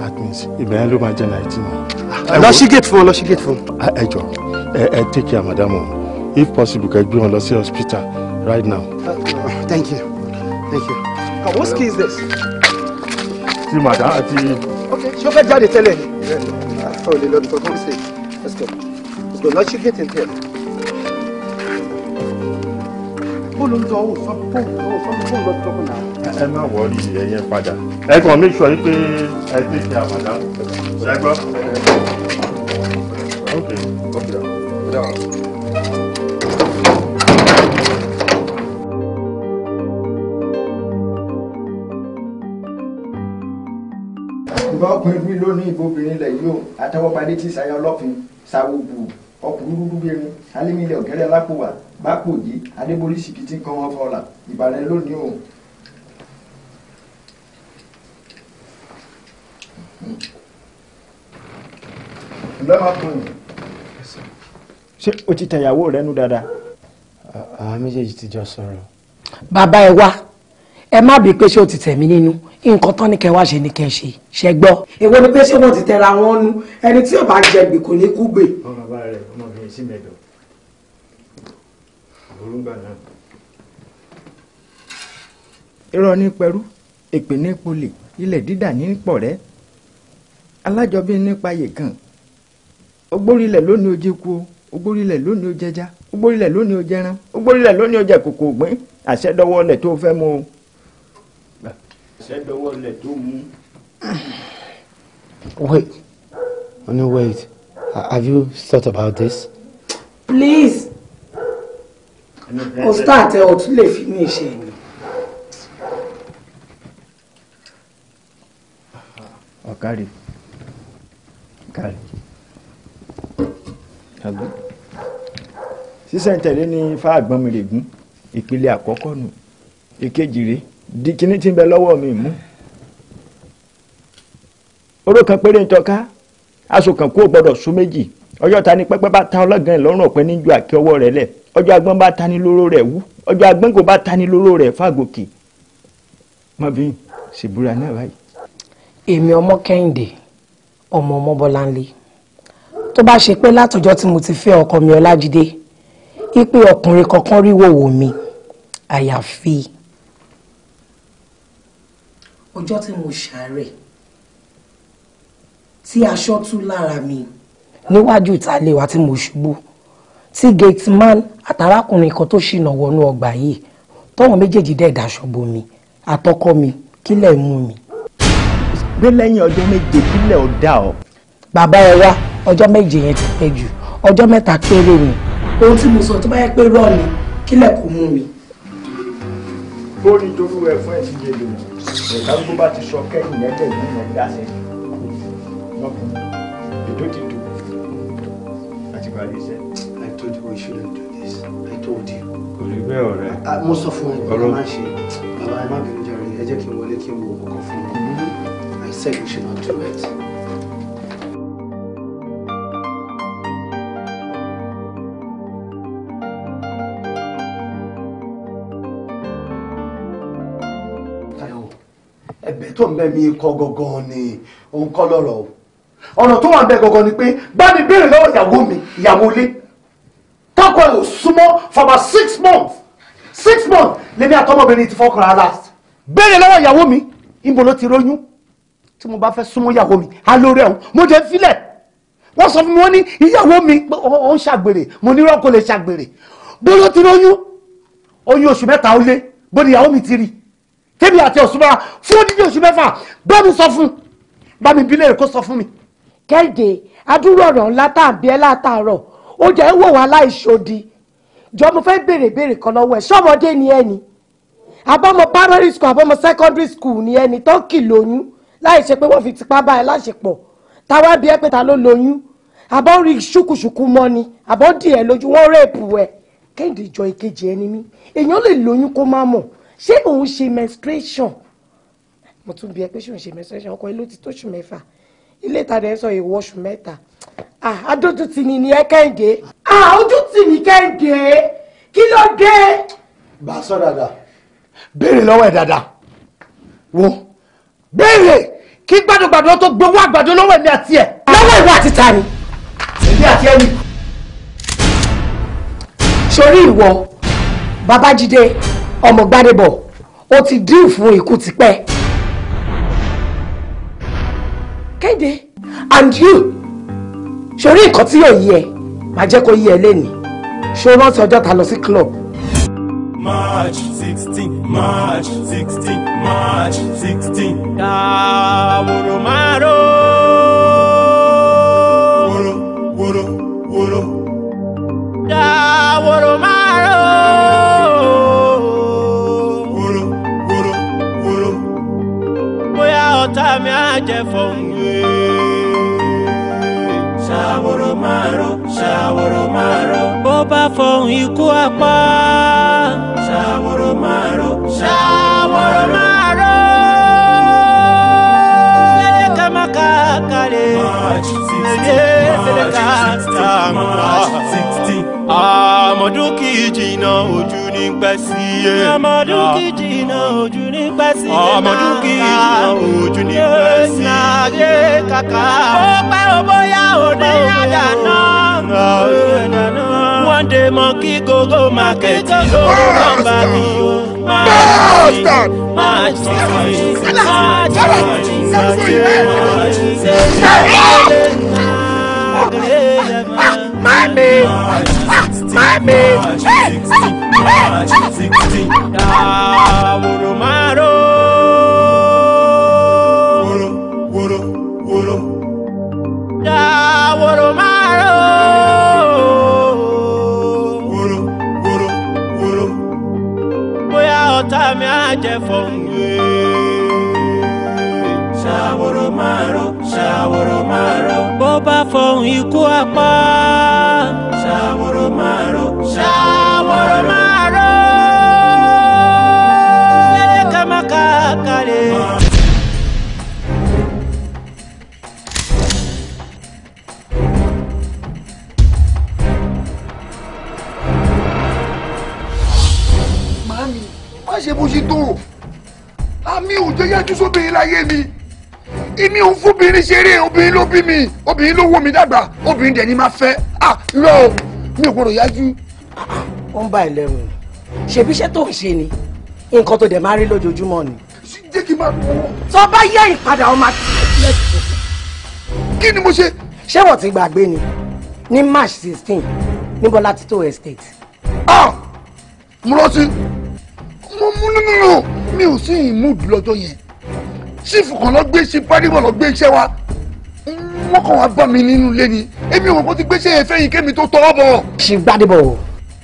that means ìbẹ̀rẹ̀ ló máa jẹ́ nineteen. Ah, lọ sí gate fún ọ lọ sí gate fún ọ. ẹ jọ ẹ take care madam o if possible kẹ́ gbé wọn lọ sí hospital right now. Uh, thank you. Thank you. Come, what ski is this? Ti madam àti. Okay, ṣé o fẹ́ jáde tẹ́lẹ̀ ni? Bẹ́ẹ̀ni, o lè lọ because don't stay. Let's go. Let's go. Lọ́ọ́ ṣí gate in here. Bó ló ń jọ owó fún fún fún fún lọ tó kùnà? Ẹ má wọrí ẹyẹ padà. Ẹ kàn make sure pé I take care madam. Ṣé ẹ gbọ́? Okay. Okay. Yeah. ọkùnrin dúró lónìí ìbóbìnrin lẹ̀ yìí o àtẹwọ́padé tí ìsáyà ọlọ́fin sáwó bù ọkùnrin dúdú bírin alémílẹ̀ ọ̀gẹ́rẹ́ lápòwà bápòjì adébórí sìkìtì kan wọn fọlà ìbàdàn lónìí o. lọ́mọkùnrin ṣé o ti tẹ̀yàwó rẹ nù dáadáa. àwọn méjèèjì ti jọ sọ̀rọ̀. bàbá ẹ wá ẹ má bíi pé ṣé o ti tẹ̀ mí nínú nǹkan tán ní kẹ́ wá ṣe ni kẹ́ ṣe ṣe gbọ́. èwo ni pé ṣé wọn ti tẹra wọn nu ẹni tí yóò bá jẹ gbè kò ní kú gbè. ọmọ bàbá rẹ ọmọbìnrin sí mẹdọ òrùngbà náà. irọ́ ní pẹ̀rú èpè ní polè ilẹ̀ dídà ní pọ̀rẹ́ alájọbí nípa yèkàn ogbórílẹ̀ lónìí ó jẹ́ku o ogbórílẹ̀ lónìí ó jẹja ogbórílẹ̀ lónìí ó jẹran ogbórílẹ̀ lónìí ó jẹ ògbín àṣẹ dọwọ́ lẹ̀ tó fẹ́ mú o wait oh no wait have you thought about this. please we'll start ẹ ò tún lè fi mí ṣe. ọ̀kárì oh, kárì àgbọn sísẹ̀ntẹ̀lé ní fáàgbọ́n mi rè gún ìpele àkọ́kọ́ nù èkejì rèé di kíní tí ń bẹ lọ́wọ́ mi mú oró kan péré ń tọ́ka aṣọ kan kú ò gbọ́dọ̀ sún méjì ọjọ́ ta ni pẹ́pẹ́ bá ta ọlọ́gàn ẹ̀ lọ́rùn ọ̀pẹ níjú àkẹ́ ọwọ́ rẹ̀ lẹ̀ ọjọ́ agbọ́n bá ta ni lóró rẹ̀ wú ọjọ́ agbọ́n kò bá ta ni lóró rẹ̀ fàgòkè mọ bí ṣèbúra náà báyìí. èmi ọmọ kẹ́hìndé ọmọ ọmọ bọ́láńlé tó bá ṣe pé látọjọ́ tí mo ti fẹ́ ọkọ mi ọlájídé ipe ọkùnrin kankan rí wòwò mi àyàfi ọjọ́ tí mo ṣàárẹ̀ tí aṣọ tú lára mi níwájú ìtàlé wa tí mo ṣubú tí gate man àtàrákùnrin kan tó ṣìnà wọnú ọgbà yìí tọ́wọ́n méjèèjì dẹ̀ daṣọ bo mi àtọkọ mi kílẹ̀ mú mi. gbé lẹ́yìn ọjọ́ méje kílẹ̀ ò dá ọ. bàbá ẹ wá ọjọ́ méje yẹn ti pẹ́ jù ọjọ́ mẹ́ta péré ni. ohun tí mo sọ tó bá yẹ pé rọ́ọ̀lì kílẹ̀ kò mú mi. bó ní torú ẹ fún ẹ ti jẹ lòun nǹkan tó bá ti sọ kẹ́yìn lẹ́gbẹ̀ẹ́ yìí yẹn bí a ṣe lọ́kùn ètò ti dùn àti parí iṣẹ́. I told you we shouldn't do this. I told you. kò rí bẹ́ẹ̀ ọ̀rẹ́. mo sọ fún ẹ ọ̀rọ̀ máa ń ṣe bàbá ẹ má bẹ̀rù jàre ẹ jẹ́ kí n wọlé kí n wo ọkọ̀ fún mi. I said we should not do it. tó ń bẹ mi kọ gangan ni òun kọ́ lọ́rọ̀ o ọ̀nà tó wà ń bẹ gangan ni pé bá mi béèrè lọ́wọ́ ìyàwó mi ìyàwó ilé tọ́kọ ẹ̀ ò súnmọ́ for about six months six months lèmi àtọmọbìnrin ti fọkànra last béèrè lọ́wọ́ ìyàwó mi ibo ló ti róyún tí mo bá fẹ́ súnmọ́ ìyàwó mi á lórí ẹ̀hún mo jẹ́ filẹ̀ wọ́n sọ fún mi wọ́n ní ìyàwó mi ó ń ṣàgbèrè mo ní rọ́ọ̀kọ́ lè ṣàgbèrè bó ló ti róyún oyún oṣù mẹ́ta ó lé bó ni ìyàwó mi ti rí tèmi àti ọ̀ṣunmọ́ra fún odidi oṣù mẹ́fà bá mi sọ fún bá mi bílẹ̀ rẹ̀ kó sọ fún mi. kẹ́hìndé adúrú ọ̀rọ̀ ńlá tá à ń bí ẹ látàárọ̀ ó jẹ́ wò wá láìṣòdi jọ mo fẹ́ béèrè béèrè kan lọ́wọ́ ẹ̀ ṣọ́mọdé ni ẹ ni àbọ̀mọ primary school àbọ̀mọ secondary school ni ẹ ni tó kì lóyún láì ṣe pé wọ́n fi tipá bá ẹ láṣepọ̀ táwa bí ẹ pé ta ló lóyún àbọ̀ rí ṣùkùṣùkù mọ́ ni àbọ̀ dì ẹ lójú wọ́n rèépù ẹ kẹ́hìndé ìjọ ìkejì ẹni mi èèyàn lè lóyún kó má mọ̀ ṣé òun ṣe menstruation mo tún bí ẹ pé ṣé òun ṣe menstruation ọkọ ilé ti tóṣù mẹ́fà ilé ìtajà ẹ sọ èèwọ oṣù mẹ́ta adójú tì ní ní ẹ kẹ́hìndé ojú tì ní kẹ́hìndé kí ló dé. bá a sọ dada béèrè lọ́wọ́ ẹ̀ dada wo béèrè kí gbàdúgbàdú tó gbowó àgbàdo lọ́wọ́ ẹ̀mí àti ẹ̀ lọ́wọ́ ìwọ àti ta ni. èmi àti ẹni. sori ìwọ babájídé ọmọ Gbádébọ̀ o ti dín fún ikú tipẹ́. Kéde and you ṣorí nǹkan tí yóò yí ẹ máa jẹ́ kó yí ẹ lẹ́nu ṣó rántí ọjọ́ ta lọ sí club. March sixteen March sixteen March sixteen. Dàwòrò máa rò. Wòrò wòrò wòrò. Dàwòrò máa. jẹ fọ̀nwé. ṣàwòrò márò ṣàwòrò márò. bó bá fọ̀hún ikú apá. ṣàwòrò márò ṣàwòrò márò. lẹ́yìn ká má ká kálẹ̀. lẹ́yìn sẹ́lẹ̀ ká tà mọ́. àmọ̀dún kì í jìnnà ojú ní pẹ́ sí i. ọmọdúnkì ah. jìnnà ojú ní pẹ́ sí i. ọmọdúnkì ah, jìnnà ojú ní pẹ́ sí i. ìyàgé kàkà. Ah. ó pẹ́ ó bóyá ó ní àdànà. one day monkey go go market ló ń bá mi o. máa ṣe máa ṣe máa ṣe máa ṣe máa ṣe máa ṣe mami mami. Dàwòrò máa ró. Wòrò wòrò wòrò. Dàwòrò máa ró. Wòrò wòrò wòrò. Bóyá ọ̀tá mi á jẹ fọ́n. fohùn ikú apá. ṣàwòrò máa ro ṣàwòrò máa ro. lẹ́lẹ́ ká má ka kalẹ̀. màámi má ṣe bó ṣe tó àmì òjò yájú sóbì láyé mi èmi ò fúnbìnrin ṣeré obìnrin ló bí mi obìnrin ló wò mí dàgbà obìnrin dẹ̀ ni máa fẹ́ à lọ mi ò gbọdọ̀ yájú. ó ń bá ẹ lẹ́rù ṣèbí iṣẹ́ tó ń ṣe ni nǹkan tó dẹ̀ máa rí lójoojúmọ́ ni. jẹ́ kí n máa wọ́. tó bá yẹ ìpadà ọmọ àti. kí ni mo ṣe. ṣé wọ́n ti gbàgbé ni ní march sixteen ní bọ́lá tító estate. ah mo rántí mo mú nínú mi ò sí ìmúdù lọ́jọ́ yẹn sífù kan lọ gbé ṣe fáríwọ̀ lọ gbé iṣẹ́ wa wọ́n kàn wá bá mi nínú ilé ni èmi ò mọ̀ kó ti gbéṣẹ́ ẹ̀fẹ́ yìí kémi tó tọwọ́ bọ̀. ṣì gbádébọ̀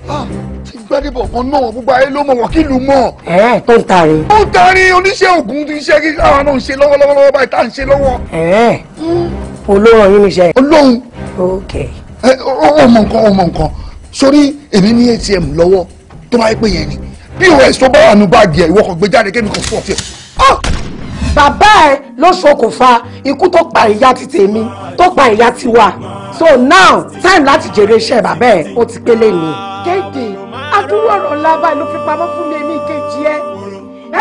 o. ṣì gbádébọ̀ kan náà gbogbo ayé ló mọ̀ wọ́n kí lù mọ̀. ẹ tó ń tari. tó ń tari oníṣẹ́ ògùn ti ṣe kí àwọn náà ń ṣe lọ́wọ́lọ́wọ́ lọ́wọ́ báyìí tá à ń ṣe lọ́wọ́. olóhùn yín níṣẹ́. olóhùn. ok. ọmọ nǹkan ọmọ nǹkan sórí èmi ní ATM lọ́wọ́ tó bá yẹ pé yẹn ni pos tó bá wà nù báàgì ẹ̀ ìwọ kò gbé jáde kémi kò bàbá ẹ ló ṣokùnfà ikú tó pa ìyá ti tèmi tó pa ìyá ti wa so now time láti jèrè iṣẹ́ bàbá ẹ ó ti pélé ni. kéde adúrú ọ̀rọ̀ ńlá báyìí ló fi pamọ́ fún mi èmi ìkejì ẹ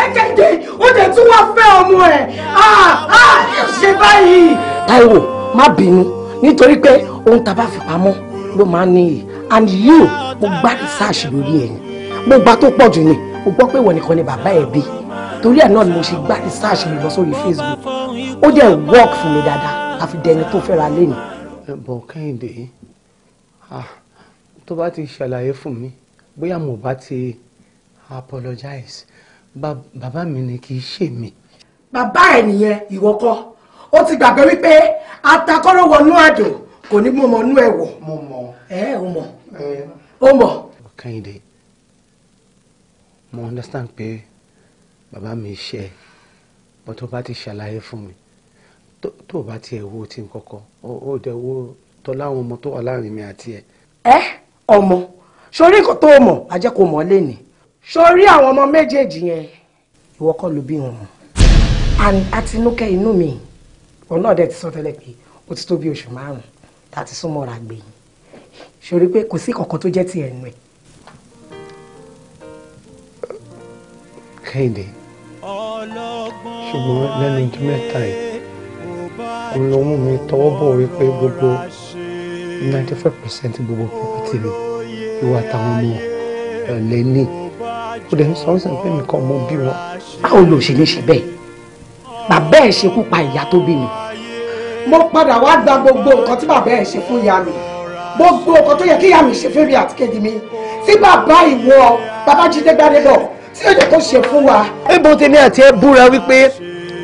ẹ kéde ó dẹ̀ tún wá fẹ́ ọmọ ẹ̀ ah, ah, ṣe báyìí. Táíwò má bínú nítorí pé ohun tá a bá fi pamọ́ ló máa ń níyì and you mo gbá research lórí ẹ̀yìn mo gbà tó pọ̀ jù ni mo gbọ́ pé ìwọ nìkan ni bàbá ẹ̀ bíi torí ẹ̀ náà ni mo ṣe gbá research mi lọ sórí Facebook ó dẹ̀ work fún mi dáadáa àfi dẹni tó fẹ́ra lẹ́nu. bọ̀ kẹ́hìndé ah, tó bá ti ṣàlàyé fún mi bóyá mo bá ti apologize bàbá mi ni kì í ṣe mi. bàbá ẹ nìyẹn ìwọ kọ́ ó ti gbàgbé wípé atakọ́rọ̀ wọnú àdùn kò ní mọ̀ mọ́nú ẹ̀ wọ̀. mo mọ̀. ẹ ò mọ̀. ó mọ̀. kẹ́hìndé mo understand pé. Pay bàbá mi ṣe bọ́ tó bá ti ṣàlàyé fún mi tó o bá tiẹ̀ wo tí n kọ́kọ́ ó dẹ̀ wo tọ́ láwọn ọmọ tó wà láàrin mi àti ẹ̀. ẹ ọmọ sórí nǹkan tó o mọ̀ á jẹ́ kó o mọ̀ ọ́ lénìí sórí àwọn ọmọ méjèèjì yẹn ìwọ kọ́ ló bí wọn àtinúkẹ́ inú mi òun náà dẹ̀ ti sọ tẹ́lẹ̀ pé O ti tó bí oṣù márùn-ún láti súnmọ́ra gbẹ̀yìn sórí pé kò sí kankan tó jẹ́ tiẹ̀ nù ẹ̀. Kẹ́hìndé ṣùgbọ́n lẹ́nu ọjọ́ mẹ́ta yìí òun ló mú mi tọwọ́ bọ̀ wípé gbogbo ninety five percent gbogbo property mi ìwà àtàwọn ọmọ ẹ̀ lẹ́ni ó dẹ̀ ń sọ ọ́n sàn pé mi kàn mọ́ bí wọn. báwo ló ṣe ní ṣe bẹ́ẹ̀ bàbá ẹ̀ ṣekú pa ìyá tó bí mi. mo padà wá gba gbogbo nǹkan tí bàbá ẹ̀ ṣe fún ìyá mi gbogbo nǹkan tó yẹ kí ìyá mi ṣe fún ìrìn àtìkejì mi tí bàbá ìwọ Babájídé Gbádébọ̀ tí èdè tó ṣe fún wa. ebo tèmi àti ẹ búra wípé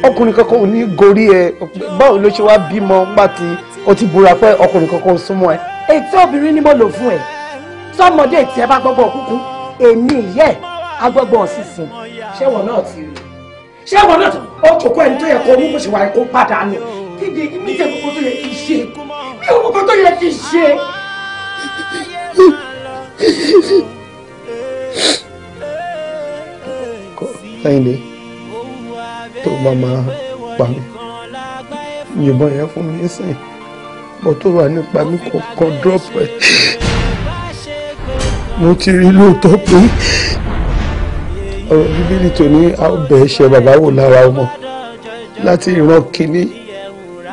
ọkùnrin kankan ò ní gorí ẹ báwo ló ṣe wá bímọ nígbà tí o ti búra pé ọkùnrin kankan ò súnmọ́ ẹ. ètò obìnrin ni mo lò fún ẹ sọmọdé tí ẹ bá gbọgbọ kúkú èmi ìyẹ agbọgbọ sísìn ṣẹwọn náà ti rí ṣẹwọn náà ó jòkó ẹni tó yẹ kó mú bó ṣe wà kó padà nù kíde mi jẹ gbogbo tó yẹ kí ṣe mi ò gbogbo tó yẹ kí ṣe. Àyìndé tó bá máa pa mí yìnbọn yẹn fún mi nísìnyí bọ́ tó wà nípa mi kọ̀ọ̀kan dọ́ọ̀pù ẹ̀ mo ti rí lóòótọ́ pé ọ̀rọ̀ bíbélì tó ní a ó bẹ̀ ṣe bàbá wò lára ọmọ láti ìran kìíní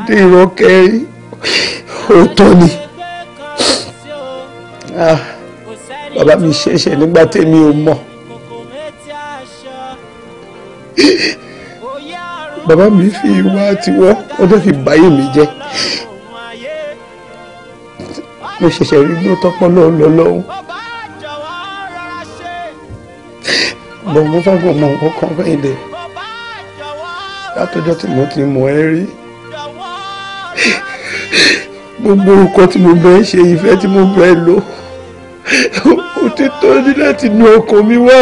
dé ìran kẹrin òótọ́ ni ah, bàbá mi ṣẹ̀ṣẹ̀ nígbà tèmi ò mọ̀ bàbá mi fi ìwà tiwọ́ ọjọ́ fi báyé mi jẹ́ mo ṣẹ̀ṣẹ̀ rí gbó tọ́pọ́ náà lọ lọ́hùn bọ̀n mo fẹ́ kó mọ nǹkan kan bẹ́ẹ̀ dẹ̀ látọjọ́ tí mo ti mọ̀ ẹ́ rí gbogbo nǹkan tí mo bẹ́ẹ̀ ṣe ìfẹ́ tí mo bẹ́ẹ̀ lò ó ti tọ́jú láti nu ọkàn mi wá.